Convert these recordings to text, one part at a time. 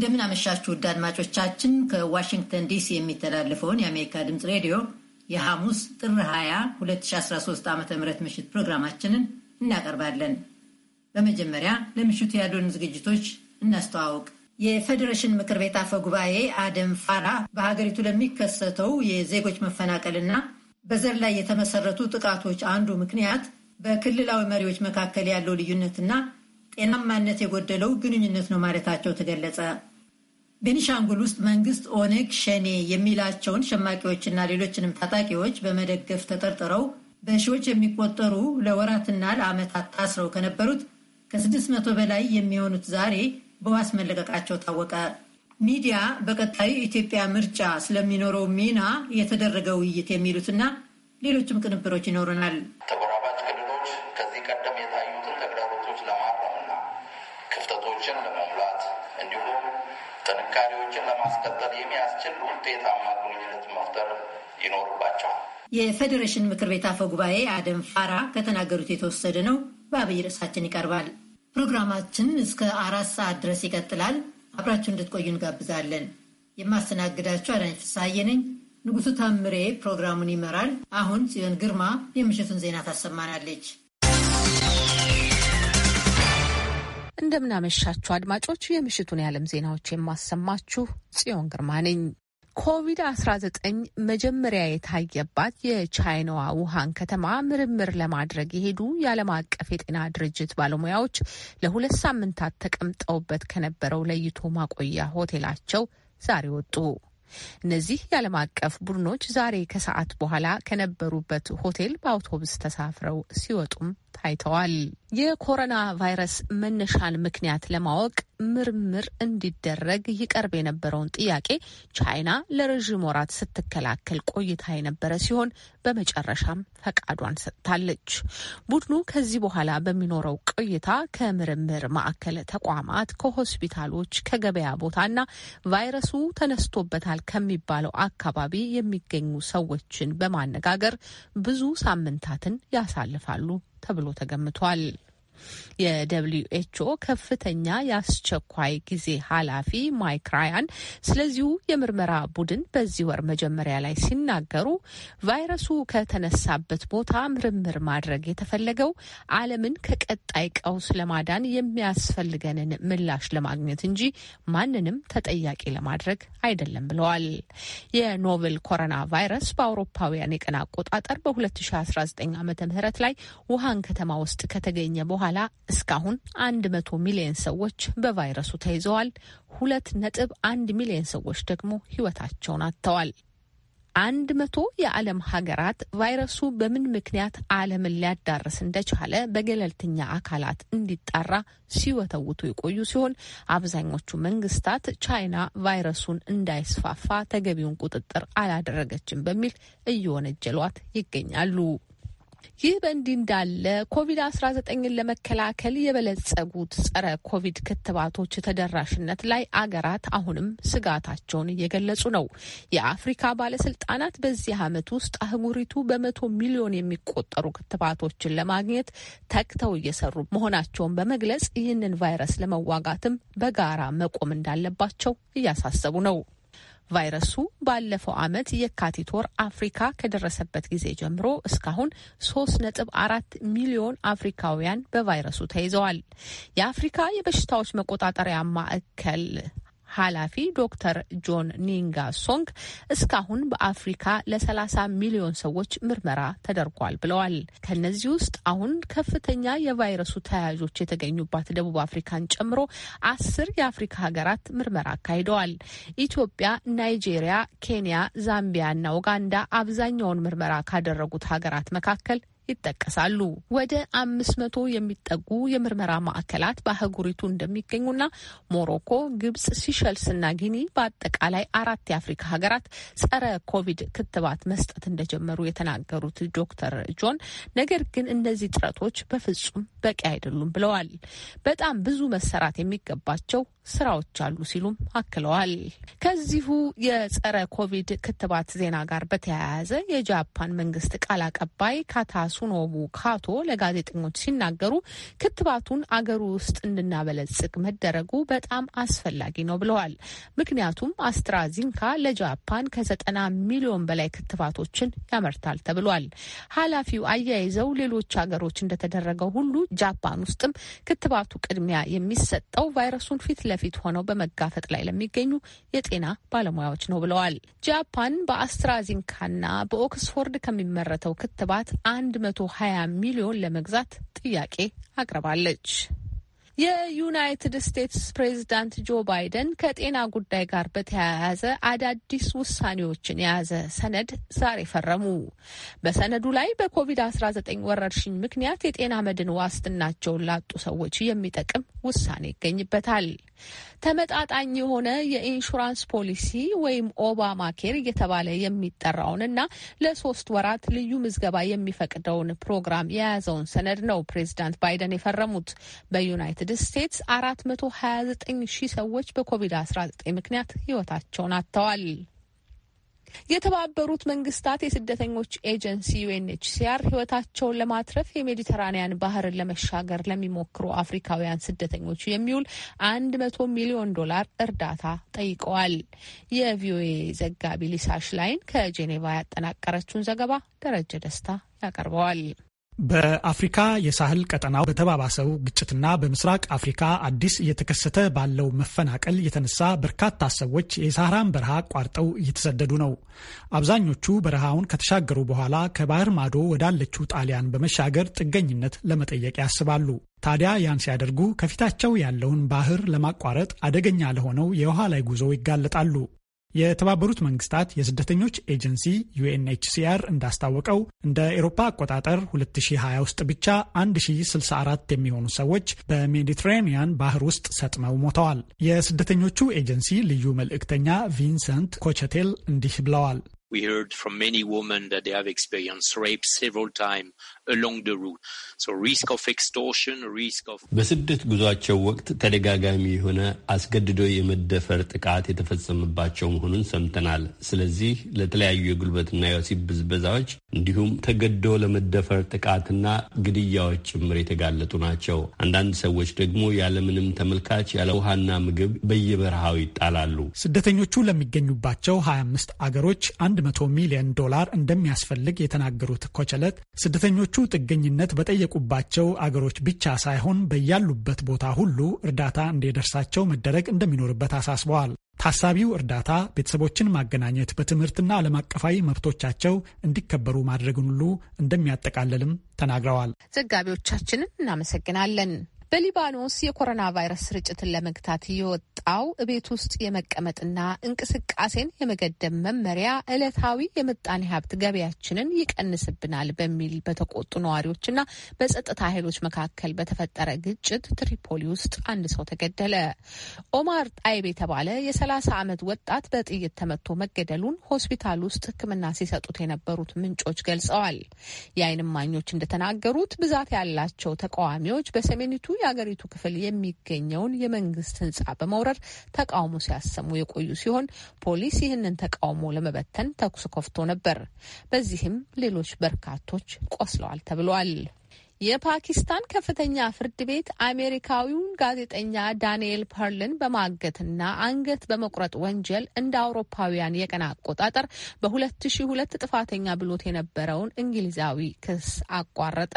እንደምን አመሻችሁ ውድ አድማጮቻችን። ከዋሽንግተን ዲሲ የሚተላለፈውን የአሜሪካ ድምፅ ሬዲዮ የሐሙስ ጥር 20 2013 ዓ ም ምሽት ፕሮግራማችንን እናቀርባለን። በመጀመሪያ ለምሽቱ ያሉን ዝግጅቶች እናስተዋውቅ። የፌዴሬሽን ምክር ቤት አፈ ጉባኤ አደም ፋራ በሀገሪቱ ለሚከሰተው የዜጎች መፈናቀልና በዘር ላይ የተመሰረቱ ጥቃቶች አንዱ ምክንያት በክልላዊ መሪዎች መካከል ያለው ልዩነትና ጤናማነት የጎደለው ግንኙነት ነው ማለታቸው ተገለጸ። ቤኒሻንጉል ውስጥ መንግስት ኦነግ ሸኔ የሚላቸውን ሸማቂዎችና ሌሎችንም ታጣቂዎች በመደገፍ ተጠርጥረው በሺዎች የሚቆጠሩ ለወራትና ለዓመታት ታስረው ከነበሩት ከ600 በላይ የሚሆኑት ዛሬ በዋስ መለቀቃቸው ታወቀ። ሚዲያ በቀጣዩ የኢትዮጵያ ምርጫ ስለሚኖረው ሚና የተደረገ ውይይት የሚሉትና ሌሎችም ቅንብሮች ይኖሩናል። ለማስቀጠል የሚያስችል ውጤታማ ግንኙነት መፍጠር ይኖርባቸዋል። የፌዴሬሽን ምክር ቤት አፈ ጉባኤ አደም ፋራ ከተናገሩት የተወሰደ ነው። በአብይ ርዕሳችን ይቀርባል። ፕሮግራማችን እስከ አራት ሰዓት ድረስ ይቀጥላል። አብራችሁ እንድትቆዩ እንጋብዛለን። የማስተናግዳችሁ አዳኝ ፍሳዬ ነኝ። ንጉሱ ታምሬ ፕሮግራሙን ይመራል። አሁን ጽዮን ግርማ የምሽቱን ዜና ታሰማናለች። እንደምናመሻችሁ አድማጮች፣ የምሽቱን የዓለም ዜናዎች የማሰማችሁ ጽዮን ግርማ ነኝ። ኮቪድ-19 መጀመሪያ የታየባት የቻይናዋ ውሃን ከተማ ምርምር ለማድረግ የሄዱ የዓለም አቀፍ የጤና ድርጅት ባለሙያዎች ለሁለት ሳምንታት ተቀምጠውበት ከነበረው ለይቶ ማቆያ ሆቴላቸው ዛሬ ወጡ። እነዚህ የዓለም አቀፍ ቡድኖች ዛሬ ከሰዓት በኋላ ከነበሩበት ሆቴል በአውቶቡስ ተሳፍረው ሲወጡም ታይተዋል። የኮሮና ቫይረስ መነሻን ምክንያት ለማወቅ ምርምር እንዲደረግ ይቀርብ የነበረውን ጥያቄ ቻይና ለረዥም ወራት ስትከላከል ቆይታ የነበረ ሲሆን በመጨረሻም ፈቃዷን ሰጥታለች። ቡድኑ ከዚህ በኋላ በሚኖረው ቆይታ ከምርምር ማዕከል ተቋማት፣ ከሆስፒታሎች፣ ከገበያ ቦታና ቫይረሱ ተነስቶበታል ከሚባለው አካባቢ የሚገኙ ሰዎችን በማነጋገር ብዙ ሳምንታትን ያሳልፋሉ ተብሎ ተገምቷል። የደብሊዩ ኤችኦ ከፍተኛ የአስቸኳይ ጊዜ ኃላፊ ማይክ ራያን ስለዚሁ የምርመራ ቡድን በዚህ ወር መጀመሪያ ላይ ሲናገሩ ቫይረሱ ከተነሳበት ቦታ ምርምር ማድረግ የተፈለገው ዓለምን ከቀጣይ ቀውስ ለማዳን የሚያስፈልገንን ምላሽ ለማግኘት እንጂ ማንንም ተጠያቂ ለማድረግ አይደለም ብለዋል። የኖቬል ኮሮና ቫይረስ በአውሮፓውያን የቀን አቆጣጠር በ2019 ዓ ም ላይ ውሃን ከተማ ውስጥ ከተገኘ በኋላ በኋላ እስካሁን 100 ሚሊዮን ሰዎች በቫይረሱ ተይዘዋል። ሁለት ነጥብ አንድ ሚሊዮን ሰዎች ደግሞ ህይወታቸውን አጥተዋል። አንድ መቶ የዓለም ሀገራት ቫይረሱ በምን ምክንያት ዓለምን ሊያዳርስ እንደቻለ በገለልተኛ አካላት እንዲጣራ ሲወተውቱ የቆዩ ሲሆን አብዛኞቹ መንግስታት ቻይና ቫይረሱን እንዳይስፋፋ ተገቢውን ቁጥጥር አላደረገችም በሚል እየወነጀሏት ይገኛሉ። ይህ በእንዲህ እንዳለ ኮቪድ-19ን ለመከላከል የበለጸጉት ጸረ ኮቪድ ክትባቶች ተደራሽነት ላይ አገራት አሁንም ስጋታቸውን እየገለጹ ነው። የአፍሪካ ባለስልጣናት በዚህ ዓመት ውስጥ አህጉሪቱ በመቶ ሚሊዮን የሚቆጠሩ ክትባቶችን ለማግኘት ተግተው እየሰሩ መሆናቸውን በመግለጽ ይህንን ቫይረስ ለመዋጋትም በጋራ መቆም እንዳለባቸው እያሳሰቡ ነው። ቫይረሱ ባለፈው ዓመት የካቲት ወር አፍሪካ ከደረሰበት ጊዜ ጀምሮ እስካሁን ሶስት ነጥብ አራት ሚሊዮን አፍሪካውያን በቫይረሱ ተይዘዋል። የአፍሪካ የበሽታዎች መቆጣጠሪያ ማዕከል ኃላፊ ዶክተር ጆን ኒንጋ ሶንግ እስካሁን በአፍሪካ ለ30 ሚሊዮን ሰዎች ምርመራ ተደርጓል ብለዋል። ከነዚህ ውስጥ አሁን ከፍተኛ የቫይረሱ ተያያዦች የተገኙባት ደቡብ አፍሪካን ጨምሮ አስር የአፍሪካ ሀገራት ምርመራ አካሂደዋል። ኢትዮጵያ፣ ናይጄሪያ፣ ኬንያ፣ ዛምቢያ እና ኡጋንዳ አብዛኛውን ምርመራ ካደረጉት ሀገራት መካከል ይጠቀሳሉ። ወደ አምስት መቶ የሚጠጉ የምርመራ ማዕከላት በአህጉሪቱ እንደሚገኙና ሞሮኮ፣ ግብጽ፣ ሲሸልስና ጊኒ በአጠቃላይ አራት የአፍሪካ ሀገራት ጸረ ኮቪድ ክትባት መስጠት እንደጀመሩ የተናገሩት ዶክተር ጆን ነገር ግን እነዚህ ጥረቶች በፍጹም በቂ አይደሉም ብለዋል። በጣም ብዙ መሰራት የሚገባቸው ስራዎች አሉ ሲሉም አክለዋል። ከዚሁ የጸረ ኮቪድ ክትባት ዜና ጋር በተያያዘ የጃፓን መንግስት ቃል አቀባይ ካታሱኖቡ ካቶ ለጋዜጠኞች ሲናገሩ ክትባቱን አገሩ ውስጥ እንድናበለጽግ መደረጉ በጣም አስፈላጊ ነው ብለዋል። ምክንያቱም አስትራዚንካ ለጃፓን ከዘጠና ሚሊዮን በላይ ክትባቶችን ያመርታል ተብሏል። ኃላፊው አያይዘው ሌሎች ሀገሮች እንደተደረገው ሁሉ ጃፓን ውስጥም ክትባቱ ቅድሚያ የሚሰጠው ቫይረሱን ፊት ለፊት ሆነው በመጋፈጥ ላይ ለሚገኙ የጤና ባለሙያዎች ነው ብለዋል። ጃፓን በአስትራዚንካና በኦክስፎርድ ከሚመረተው ክትባት 120 ሚሊዮን ለመግዛት ጥያቄ አቅርባለች። የዩናይትድ ስቴትስ ፕሬዚዳንት ጆ ባይደን ከጤና ጉዳይ ጋር በተያያዘ አዳዲስ ውሳኔዎችን የያዘ ሰነድ ዛሬ ፈረሙ። በሰነዱ ላይ በኮቪድ-19 ወረርሽኝ ምክንያት የጤና መድን ዋስትናቸውን ላጡ ሰዎች የሚጠቅም ውሳኔ ይገኝበታል። ተመጣጣኝ የሆነ የኢንሹራንስ ፖሊሲ ወይም ኦባማ ኬር እየተባለ የሚጠራውንና ለሶስት ወራት ልዩ ምዝገባ የሚፈቅደውን ፕሮግራም የያዘውን ሰነድ ነው ፕሬዚዳንት ባይደን የፈረሙት በዩናይትድ ዩናይትድ ስቴትስ አራት መቶ ሀያ ዘጠኝ ሺህ ሰዎች በኮቪድ-19 ምክንያት ህይወታቸውን አጥተዋል። የተባበሩት መንግስታት የስደተኞች ኤጀንሲ ዩኤንኤችሲአር ህይወታቸውን ለማትረፍ የሜዲተራኒያን ባህርን ለመሻገር ለሚሞክሩ አፍሪካውያን ስደተኞች የሚውል አንድ መቶ ሚሊዮን ዶላር እርዳታ ጠይቀዋል። የቪኦኤ ዘጋቢ ሊሳሽ ላይን ከጄኔቫ ያጠናቀረችውን ዘገባ ደረጀ ደስታ ያቀርበዋል። በአፍሪካ የሳህል ቀጠናው በተባባሰው ግጭትና በምስራቅ አፍሪካ አዲስ እየተከሰተ ባለው መፈናቀል የተነሳ በርካታ ሰዎች የሳህራን በረሃ አቋርጠው እየተሰደዱ ነው። አብዛኞቹ በረሃውን ከተሻገሩ በኋላ ከባህር ማዶ ወዳለችው ጣሊያን በመሻገር ጥገኝነት ለመጠየቅ ያስባሉ። ታዲያ ያን ሲያደርጉ ከፊታቸው ያለውን ባህር ለማቋረጥ አደገኛ ለሆነው የውሃ ላይ ጉዞ ይጋለጣሉ። የተባበሩት መንግስታት የስደተኞች ኤጀንሲ ዩኤንኤችሲአር እንዳስታወቀው እንደ ኤሮፓ አቆጣጠር 2020 ውስጥ ብቻ 1064 የሚሆኑ ሰዎች በሜዲትራኒያን ባህር ውስጥ ሰጥመው ሞተዋል። የስደተኞቹ ኤጀንሲ ልዩ መልእክተኛ ቪንሰንት ኮቸቴል እንዲህ ብለዋል። We heard from many women that they have experienced rape several times በስደት ጉዟቸው ወቅት ተደጋጋሚ የሆነ አስገድዶ የመደፈር ጥቃት የተፈጸመባቸው መሆኑን ሰምተናል። ስለዚህ ለተለያዩ የጉልበትና የወሲብ ብዝበዛዎች እንዲሁም ተገዶ ለመደፈር ጥቃትና ግድያዎች ጭምር የተጋለጡ ናቸው። አንዳንድ ሰዎች ደግሞ ያለምንም ተመልካች ያለ ውሃና ምግብ በየበረሃው ይጣላሉ። ስደተኞቹ ለሚገኙባቸው 25 አገሮች 100 ሚሊዮን ዶላር እንደሚያስፈልግ የተናገሩት ኮቸለት ስደተኞቹ ጥገኝነት በጠየቁባቸው አገሮች ብቻ ሳይሆን በያሉበት ቦታ ሁሉ እርዳታ እንዲደርሳቸው መደረግ እንደሚኖርበት አሳስበዋል። ታሳቢው እርዳታ ቤተሰቦችን ማገናኘት፣ በትምህርትና ዓለም አቀፋዊ መብቶቻቸው እንዲከበሩ ማድረግን ሁሉ እንደሚያጠቃልልም ተናግረዋል። ዘጋቢዎቻችንን እናመሰግናለን። በሊባኖስ የኮሮና ቫይረስ ስርጭትን ለመግታት የወጣው ቤት ውስጥ የመቀመጥና እንቅስቃሴን የመገደብ መመሪያ ዕለታዊ የምጣኔ ሀብት ገበያችንን ይቀንስብናል በሚል በተቆጡ ነዋሪዎችና በጸጥታ ኃይሎች መካከል በተፈጠረ ግጭት ትሪፖሊ ውስጥ አንድ ሰው ተገደለ። ኦማር ጣይብ የተባለ የሰላሳ ዓመት ወጣት በጥይት ተመቶ መገደሉን ሆስፒታል ውስጥ ሕክምና ሲሰጡት የነበሩት ምንጮች ገልጸዋል። የአይን እማኞች እንደተናገሩት ብዛት ያላቸው ተቃዋሚዎች በሰሜኒቱ የአገሪቱ ክፍል የሚገኘውን የመንግስት ህንጻ በመውረር ተቃውሞ ሲያሰሙ የቆዩ ሲሆን ፖሊስ ይህንን ተቃውሞ ለመበተን ተኩስ ከፍቶ ነበር። በዚህም ሌሎች በርካቶች ቆስለዋል ተብሏል። የፓኪስታን ከፍተኛ ፍርድ ቤት አሜሪካዊውን ጋዜጠኛ ዳንኤል ፐርልን በማገትና አንገት በመቁረጥ ወንጀል እንደ አውሮፓውያን የቀን አቆጣጠር በ2002 ጥፋተኛ ብሎት የነበረውን እንግሊዛዊ ክስ አቋረጠ።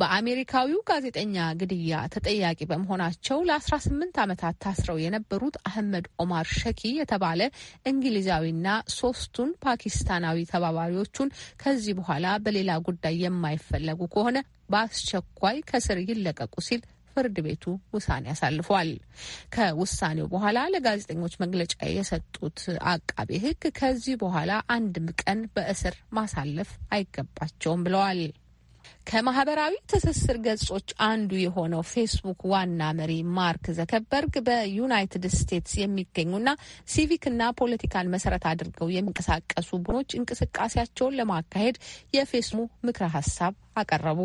በአሜሪካዊው ጋዜጠኛ ግድያ ተጠያቂ በመሆናቸው ለ18 ዓመታት ታስረው የነበሩት አህመድ ኦማር ሸኪ የተባለ እንግሊዛዊና ሶስቱን ፓኪስታናዊ ተባባሪዎቹን ከዚህ በኋላ በሌላ ጉዳይ የማይፈለጉ ከሆነ በአስቸኳይ ከስር ይለቀቁ ሲል ፍርድ ቤቱ ውሳኔ አሳልፏል። ከውሳኔው በኋላ ለጋዜጠኞች መግለጫ የሰጡት አቃቤ ሕግ ከዚህ በኋላ አንድም ቀን በእስር ማሳለፍ አይገባቸውም ብለዋል። ከማህበራዊ ትስስር ገጾች አንዱ የሆነው ፌስቡክ ዋና መሪ ማርክ ዘከበርግ በዩናይትድ ስቴትስ የሚገኙና ሲቪክና ፖለቲካን መሰረት አድርገው የሚንቀሳቀሱ ቡድኖች እንቅስቃሴያቸውን ለማካሄድ የፌስቡክ ምክረ ሀሳብ አቀረቡ።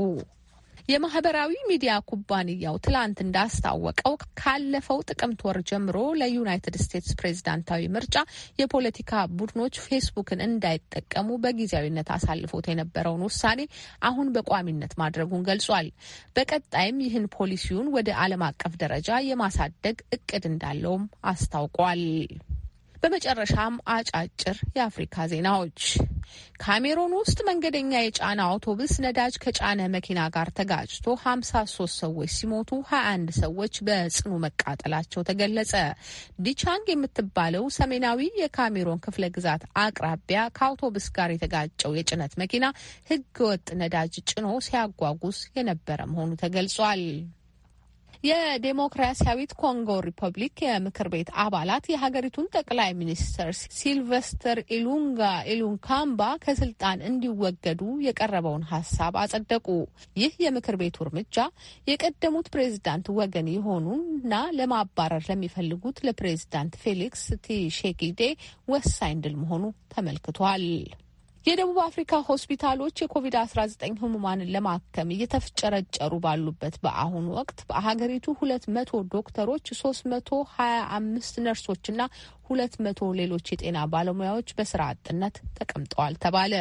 የማህበራዊ ሚዲያ ኩባንያው ትላንት እንዳስታወቀው ካለፈው ጥቅምት ወር ጀምሮ ለዩናይትድ ስቴትስ ፕሬዝዳንታዊ ምርጫ የፖለቲካ ቡድኖች ፌስቡክን እንዳይጠቀሙ በጊዜያዊነት አሳልፎት የነበረውን ውሳኔ አሁን በቋሚነት ማድረጉን ገልጿል። በቀጣይም ይህን ፖሊሲውን ወደ ዓለም አቀፍ ደረጃ የማሳደግ እቅድ እንዳለውም አስታውቋል። በመጨረሻም አጫጭር የአፍሪካ ዜናዎች። ካሜሮን ውስጥ መንገደኛ የጫነ አውቶቡስ ነዳጅ ከጫነ መኪና ጋር ተጋጭቶ 53 ሰዎች ሲሞቱ 21 ሰዎች በጽኑ መቃጠላቸው ተገለጸ። ዲቻንግ የምትባለው ሰሜናዊ የካሜሮን ክፍለ ግዛት አቅራቢያ ከአውቶቡስ ጋር የተጋጨው የጭነት መኪና ህገወጥ ነዳጅ ጭኖ ሲያጓጉዝ የነበረ መሆኑ ተገልጿል። የዴሞክራሲያዊት ኮንጎ ሪፐብሊክ የምክር ቤት አባላት የሀገሪቱን ጠቅላይ ሚኒስትር ሲልቨስተር ኢሉንጋ ኢሉንካምባ ከስልጣን እንዲወገዱ የቀረበውን ሀሳብ አጸደቁ። ይህ የምክር ቤቱ እርምጃ የቀደሙት ፕሬዚዳንት ወገን የሆኑና ለማባረር ለሚፈልጉት ለፕሬዚዳንት ፌሊክስ ቲሼኪዴ ወሳኝ ድል መሆኑ ተመልክቷል። የደቡብ አፍሪካ ሆስፒታሎች የኮቪድ-19 ህሙማንን ለማከም እየተፍጨረጨሩ ባሉበት በአሁኑ ወቅት በሀገሪቱ ሁለት መቶ ዶክተሮች ሶስት መቶ ሀያ አምስት ነርሶችና ሁለት መቶ ሌሎች የጤና ባለሙያዎች በስራ አጥነት ተቀምጠዋል ተባለ።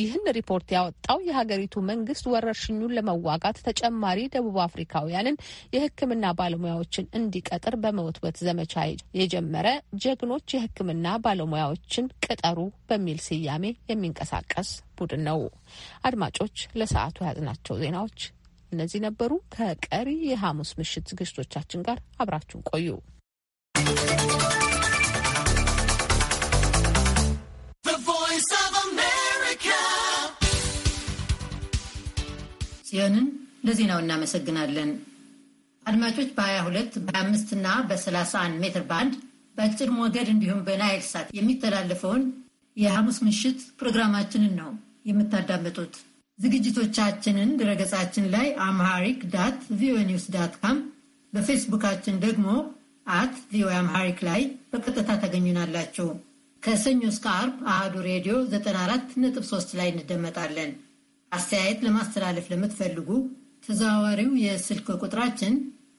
ይህን ሪፖርት ያወጣው የሀገሪቱ መንግስት ወረርሽኙን ለመዋጋት ተጨማሪ ደቡብ አፍሪካውያንን የህክምና ባለሙያዎችን እንዲቀጥር በመወትወት ዘመቻ የጀመረ ጀግኖች የህክምና ባለሙያዎችን ቅጠሩ በሚል ስያሜ የሚንቀሳቀስ ቡድን ነው። አድማጮች ለሰዓቱ የያዝናቸው ዜናዎች እነዚህ ነበሩ። ከቀሪ የሐሙስ ምሽት ዝግጅቶቻችን ጋር አብራችሁን ቆዩ። ጽዮንን ለዜናው እናመሰግናለን። አድማጮች በ22 በ25 እና በ31 ሜትር ባንድ በአጭር ሞገድ እንዲሁም በናይል ሳት የሚተላለፈውን የሐሙስ ምሽት ፕሮግራማችንን ነው የምታዳምጡት። ዝግጅቶቻችንን ድረገጻችን ላይ አምሃሪክ ዳት ቪኦኤ ኒውስ ዳት ካም፣ በፌስቡካችን ደግሞ አት ቪኦኤ አምሃሪክ ላይ በቀጥታ ታገኙናላችሁ። ከሰኞ እስከ ዓርብ አሃዱ ሬዲዮ 94.3 ላይ እንደመጣለን። አስተያየት ለማስተላለፍ ለምትፈልጉ ተዘዋዋሪው የስልክ ቁጥራችን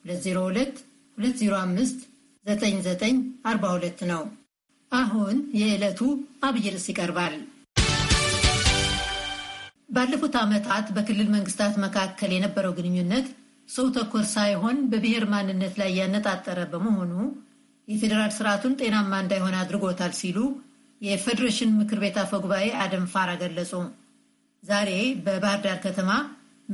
2022059942 ነው። አሁን የዕለቱ አብይ ርዕስ ይቀርባል። ባለፉት ዓመታት በክልል መንግስታት መካከል የነበረው ግንኙነት ሰው ተኮር ሳይሆን በብሔር ማንነት ላይ ያነጣጠረ በመሆኑ የፌዴራል ስርዓቱን ጤናማ እንዳይሆን አድርጎታል ሲሉ የፌዴሬሽን ምክር ቤት አፈጉባኤ አደም ፋራ ገለጹ። ዛሬ በባህር ዳር ከተማ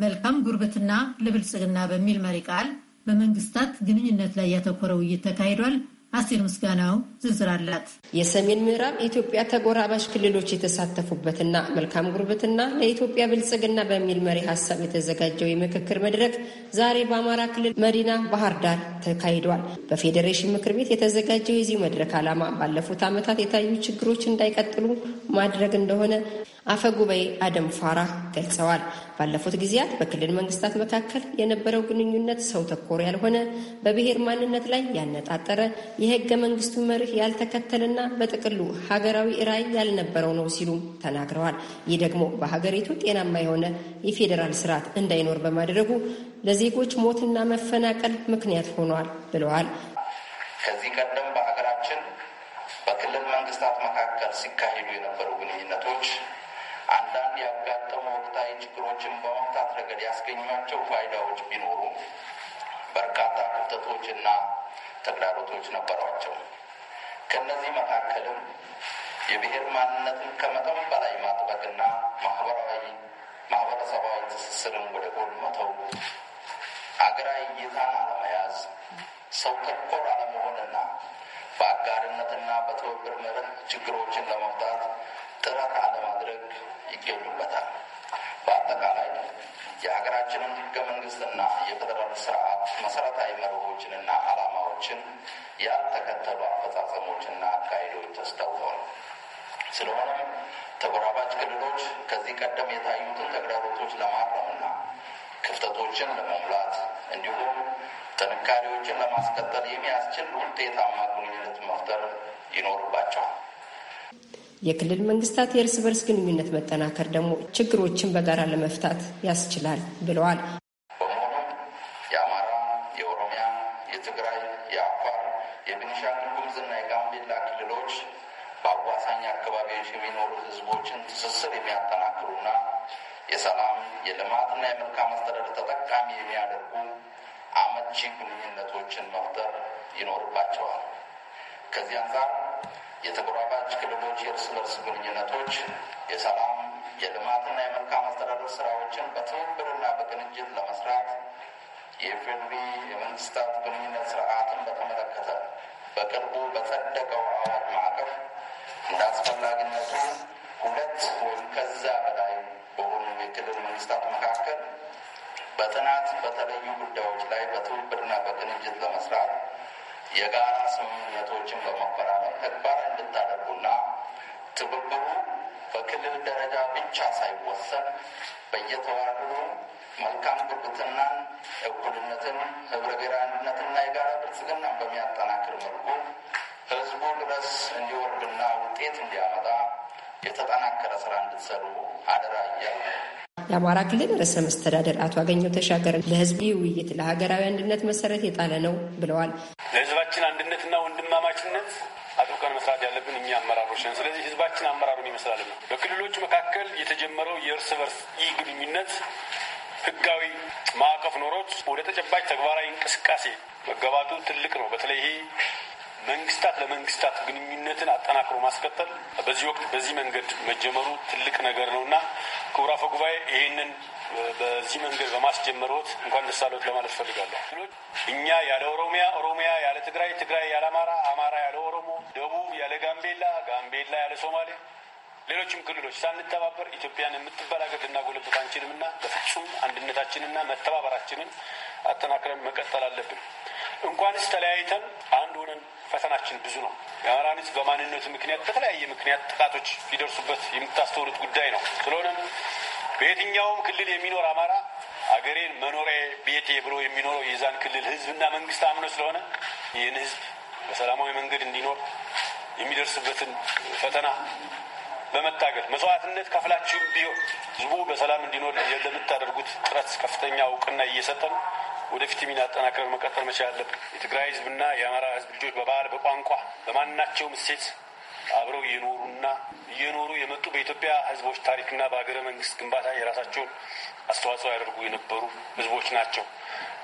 መልካም ጉርብትና ለብልጽግና በሚል መሪ ቃል በመንግስታት ግንኙነት ላይ ያተኮረ ውይይት ተካሂዷል። አስቴር ምስጋናው ዝርዝር አላት። የሰሜን ምዕራብ ኢትዮጵያ ተጎራባሽ ክልሎች የተሳተፉበትና መልካም ጉርብትና ለኢትዮጵያ ብልጽግና በሚል መሪ ሀሳብ የተዘጋጀው የምክክር መድረክ ዛሬ በአማራ ክልል መዲና ባህር ዳር ተካሂዷል። በፌዴሬሽን ምክር ቤት የተዘጋጀው የዚህ መድረክ ዓላማ ባለፉት ዓመታት የታዩ ችግሮች እንዳይቀጥሉ ማድረግ እንደሆነ አፈ ጉባኤ አደም ፋራ ገልጸዋል። ባለፉት ጊዜያት በክልል መንግስታት መካከል የነበረው ግንኙነት ሰው ተኮር ያልሆነ፣ በብሔር ማንነት ላይ ያነጣጠረ፣ የህገ መንግስቱ መርህ ያልተከተለና በጥቅሉ ሀገራዊ ራዕይ ያልነበረው ነው ሲሉም ተናግረዋል። ይህ ደግሞ በሀገሪቱ ጤናማ የሆነ የፌዴራል ስርዓት እንዳይኖር በማድረጉ ለዜጎች ሞትና መፈናቀል ምክንያት ሆኗል ብለዋል። ከዚህ ቀደም በሀገራችን በክልል መንግስታት መካከል ሲካሄዱ የነበሩ ግንኙነቶች አንዳንድ ያጋጠሙ ወቅታዊ ችግሮችን በመፍታት ረገድ ያስገኟቸው ፋይዳዎች ቢኖሩም በርካታ ክፍተቶችና ተግዳሮቶች ነበሯቸው። ከእነዚህ መካከልም የብሔር ማንነትን ከመጠን በላይ ማጥበቅና ማህበራዊ ማህበረሰባዊ ትስስርን ወደ ጎን መተው፣ አገራዊ እይታን አለመያዝ፣ ሰው ተኮር አለመሆንና በአጋርነትና በትብብር መርህ ችግሮችን ለመፍታት ጥረት አለማድረግ ይገኙበታል። በአጠቃላይ የሀገራችንን ህገ መንግስትና የፌደራል ስርዓት መሰረታዊ መርሆችንና አላማዎችን ያልተከተሉ አፈጻጸሞችና አካሄዶች ተስተውለዋል። ስለሆነም ተጎራባች ክልሎች ከዚህ ቀደም የታዩትን ተግዳሮቶች ለማረምና ክፍተቶችን ለመሙላት እንዲሁም ጥንካሬዎችን ለማስቀጠል የሚያስችል ውጤታማ ግንኙነት መፍጠር ይኖርባቸዋል። የክልል መንግስታት የእርስ በርስ ግንኙነት መጠናከር ደግሞ ችግሮችን በጋራ ለመፍታት ያስችላል ብለዋል። አማራ ክልል ርዕሰ መስተዳደር አቶ አገኘው ተሻገር ለህዝብ ውይይት ለሀገራዊ አንድነት መሰረት የጣለ ነው ብለዋል። ለህዝባችን አንድነትና ወንድማማችነት አጥብቀን መስራት ያለብን እኛ አመራሮች ነን። ስለዚህ ህዝባችን አመራሩን ይመስላል ነው። በክልሎች መካከል የተጀመረው የእርስ በርስ ይህ ግንኙነት ህጋዊ ማዕቀፍ ኖሮት ወደ ተጨባጭ ተግባራዊ እንቅስቃሴ መገባቱ ትልቅ ነው። በተለይ ይሄ መንግስታት ለመንግስታት ግንኙነትን አጠናክሮ ማስቀጠል በዚህ ወቅት በዚህ መንገድ መጀመሩ ትልቅ ነገር ነው እና ክቡር አፈ ጉባኤ ይህንን በዚህ መንገድ በማስጀመርዎት እንኳን ደስ አለዎት ለማለት እፈልጋለሁ። እኛ ያለ ኦሮሚያ፣ ኦሮሚያ ያለ ትግራይ፣ ትግራይ ያለ አማራ፣ አማራ ያለ ኦሮሞ፣ ደቡብ ያለ ጋምቤላ፣ ጋምቤላ ያለ ሶማሌ፣ ሌሎችም ክልሎች ሳንተባበር ኢትዮጵያን የምትባል ሀገር አንችልም አንችልምና በፍጹም አንድነታችንና መተባበራችንን አጠናክረን መቀጠል አለብን። እንኳንስ ተለያይተን አንድ ሆነን ፈተናችን ብዙ ነው። የአማራን ሕዝብ በማንነቱ ምክንያት በተለያየ ምክንያት ጥቃቶች ሊደርሱበት የምታስተውሉት ጉዳይ ነው። ስለሆነም በየትኛውም ክልል የሚኖር አማራ አገሬን መኖሪያ ቤቴ ብሎ የሚኖረው የዛን ክልል ሕዝብና መንግስት አምኖ ስለሆነ ይህን ሕዝብ በሰላማዊ መንገድ እንዲኖር የሚደርስበትን ፈተና በመታገል መስዋዕትነት ከፍላችሁም ቢሆን ህዝቡ በሰላም እንዲኖር ለምታደርጉት ጥረት ከፍተኛ እውቅና እየሰጠን ወደፊት ሚና አጠናክረን መቀጠል መቻል አለብን። የትግራይ ህዝብና የአማራ ህዝብ ልጆች በባህል፣ በቋንቋ፣ በማናቸውም እሴት አብረው እየኖሩና እየኖሩ የመጡ በኢትዮጵያ ህዝቦች ታሪክና በሀገረ መንግስት ግንባታ የራሳቸውን አስተዋጽኦ ያደርጉ የነበሩ ህዝቦች ናቸው።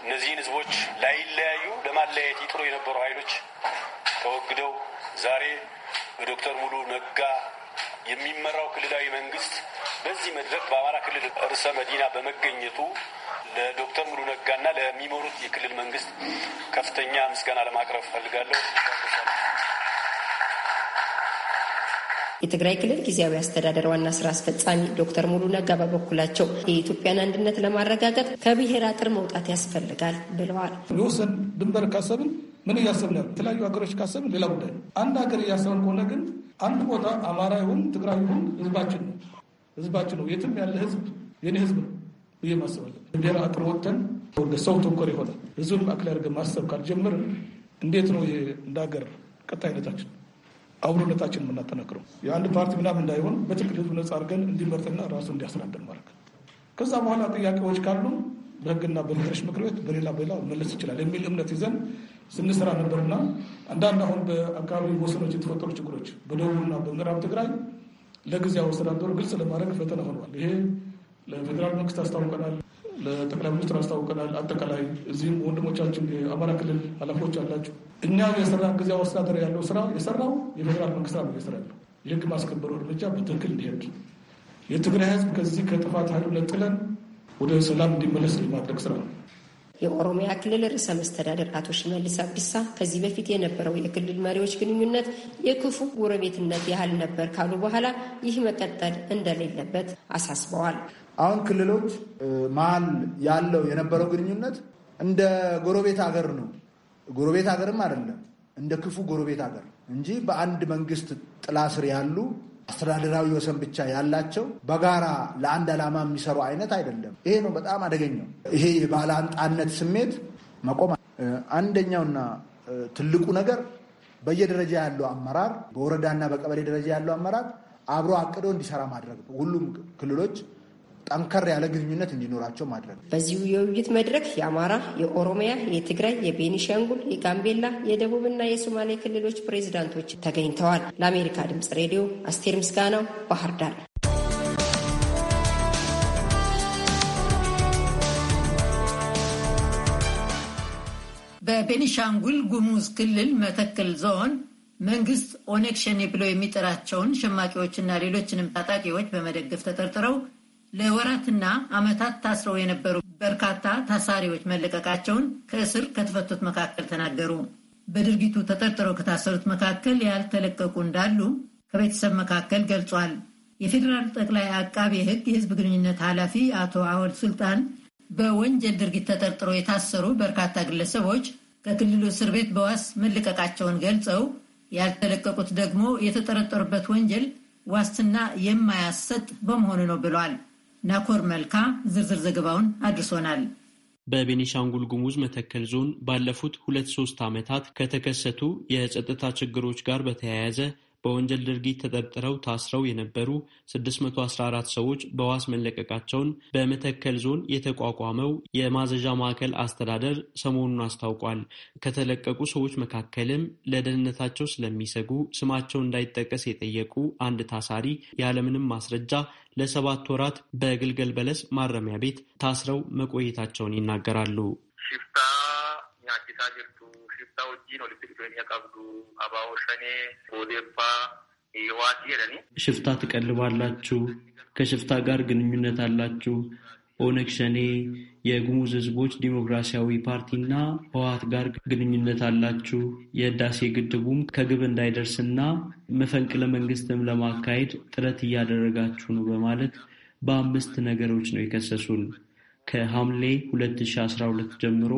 እነዚህን ህዝቦች ላይለያዩ ለማለያየት ይጥሩ የነበሩ ኃይሎች ተወግደው ዛሬ በዶክተር ሙሉ ነጋ የሚመራው ክልላዊ መንግስት በዚህ መድረክ በአማራ ክልል ርዕሰ መዲና በመገኘቱ ለዶክተር ሙሉ ነጋና ለሚመሩት የክልል መንግስት ከፍተኛ ምስጋና ለማቅረብ ፈልጋለሁ። የትግራይ ክልል ጊዜያዊ አስተዳደር ዋና ስራ አስፈጻሚ ዶክተር ሙሉ ነጋ በበኩላቸው የኢትዮጵያን አንድነት ለማረጋገጥ ከብሔር አጥር መውጣት ያስፈልጋል ብለዋል። የወሰን ድንበር ካሰብን ምን እያሰብን ነው? የተለያዩ ሀገሮች ካሰብን ሌላ ጉዳይ፣ አንድ ሀገር እያሰብን ከሆነ ግን አንድ ቦታ አማራ ይሁን ትግራይ ይሁን ህዝባችን ነው ህዝባችን ነው። የትም ያለ ህዝብ የኔ ህዝብ ነው ብዬ ማሰብ አለ ብሔራ አጥር ወጥተን ወደ ሰው ተኮር የሆነ ህዝብን ማዕከል አድርገን ማሰብ ካልጀምር እንዴት ነው እንደ ሀገር ቀጣይነታችን አብሮነታችን የምናጠናክረው? የአንድ ፓርቲ ምናምን እንዳይሆን በትክክል ህዝብ ነጻ አድርገን እንዲመርጥና ራሱ እንዲያስተዳደር ማድረግ ከዛ በኋላ ጥያቄዎች ካሉ በህግና በሚኒስትሮች ምክር ቤት በሌላ በሌላ መለስ ይችላል የሚል እምነት ይዘን ስንሰራ ነበርና አንዳንድ አሁን በአካባቢ ወሰኖች የተፈጠሩ ችግሮች በደቡብና በምዕራብ ትግራይ ለጊዜያዊ አስተዳደሩ ግልጽ ለማድረግ ፈተና ሆኗል። ይሄ ለፌዴራል መንግስት አስታውቀናል፣ ለጠቅላይ ሚኒስትር አስታውቀናል። አጠቃላይ እዚህም ወንድሞቻችን የአማራ ክልል ኃላፊዎች አላቸው። እኛ የሰራ ጊዜያዊ አስተዳደር ያለው ስራ የሰራው የፌዴራል መንግስት ነው የስራ ያለው የህግ ማስከበሩ እርምጃ በትክክል እንዲሄድ የትግራይ ህዝብ ከዚህ ከጥፋት ኃይሉ ነጥለን ወደ ሰላም እንዲመለስ ለማድረግ ስራ ነው። የኦሮሚያ ክልል ርዕሰ መስተዳደር አቶ ሽመልስ አብዲሳ ከዚህ በፊት የነበረው የክልል መሪዎች ግንኙነት የክፉ ጎረቤትነት ያህል ነበር ካሉ በኋላ ይህ መቀጠል እንደሌለበት አሳስበዋል። አሁን ክልሎች መሀል ያለው የነበረው ግንኙነት እንደ ጎረቤት ሀገር ነው። ጎረቤት ሀገርም አይደለም፣ እንደ ክፉ ጎረቤት ሀገር እንጂ በአንድ መንግስት ጥላ ስር ያሉ አስተዳደራዊ ወሰን ብቻ ያላቸው በጋራ ለአንድ ዓላማ የሚሰሩ አይነት አይደለም። ይሄ ነው በጣም አደገኛው። ይሄ የባለአንጣነት ስሜት መቆም አንደኛውና ትልቁ ነገር በየደረጃ ያለው አመራር በወረዳና በቀበሌ ደረጃ ያለው አመራር አብሮ አቅዶ እንዲሰራ ማድረግ ነው። ሁሉም ክልሎች ጠንከር ያለ ግንኙነት እንዲኖራቸው ማድረግ። በዚሁ የውይይት መድረክ የአማራ፣ የኦሮሚያ፣ የትግራይ፣ የቤኒሻንጉል፣ የጋምቤላ፣ የደቡብና የሶማሌ ክልሎች ፕሬዚዳንቶች ተገኝተዋል። ለአሜሪካ ድምጽ ሬዲዮ አስቴር ምስጋናው ባህር ዳር። በቤኒሻንጉል ጉሙዝ ክልል መተከል ዞን መንግስት ኦነግ ሸኔ ብሎ የሚጠራቸውን ሸማቂዎችና ሌሎችንም ታጣቂዎች በመደገፍ ተጠርጥረው ለወራትና ዓመታት ታስረው የነበሩ በርካታ ታሳሪዎች መለቀቃቸውን ከእስር ከተፈቱት መካከል ተናገሩ። በድርጊቱ ተጠርጥረው ከታሰሩት መካከል ያልተለቀቁ እንዳሉ ከቤተሰብ መካከል ገልጿል። የፌዴራል ጠቅላይ አቃቤ ሕግ የሕዝብ ግንኙነት ኃላፊ አቶ አወል ሱልጣን በወንጀል ድርጊት ተጠርጥረው የታሰሩ በርካታ ግለሰቦች ከክልሉ እስር ቤት በዋስ መለቀቃቸውን ገልጸው ያልተለቀቁት ደግሞ የተጠረጠሩበት ወንጀል ዋስትና የማያሰጥ በመሆኑ ነው ብሏል። ናኮር መልካ ዝርዝር ዘገባውን አድርሶናል። በቤኒሻንጉል ጉሙዝ መተከል ዞን ባለፉት ሁለት ሶስት ዓመታት ከተከሰቱ የጸጥታ ችግሮች ጋር በተያያዘ በወንጀል ድርጊት ተጠርጥረው ታስረው የነበሩ 614 ሰዎች በዋስ መለቀቃቸውን በመተከል ዞን የተቋቋመው የማዘዣ ማዕከል አስተዳደር ሰሞኑን አስታውቋል። ከተለቀቁ ሰዎች መካከልም ለደህንነታቸው ስለሚሰጉ ስማቸው እንዳይጠቀስ የጠየቁ አንድ ታሳሪ ያለምንም ማስረጃ ለሰባት ወራት በግልገል በለስ ማረሚያ ቤት ታስረው መቆየታቸውን ይናገራሉ። ሽፍታ isaa wajjin walitti dhufeenya qabdu አባው ሸኔ ኦዴፓ ዋሲ የለኒ ሽፍታ ትቀልባላችሁ፣ ከሽፍታ ጋር ግንኙነት አላችሁ፣ ኦነግ ሸኔ የጉሙዝ ሕዝቦች ዲሞክራሲያዊ ፓርቲና ህወሓት ጋር ግንኙነት አላችሁ። የህዳሴ ግድቡም ከግብ እንዳይደርስና መፈንቅለ መንግስትም ለማካሄድ ጥረት እያደረጋችሁ ነው በማለት በአምስት ነገሮች ነው የከሰሱን። ከሐምሌ 2012 ጀምሮ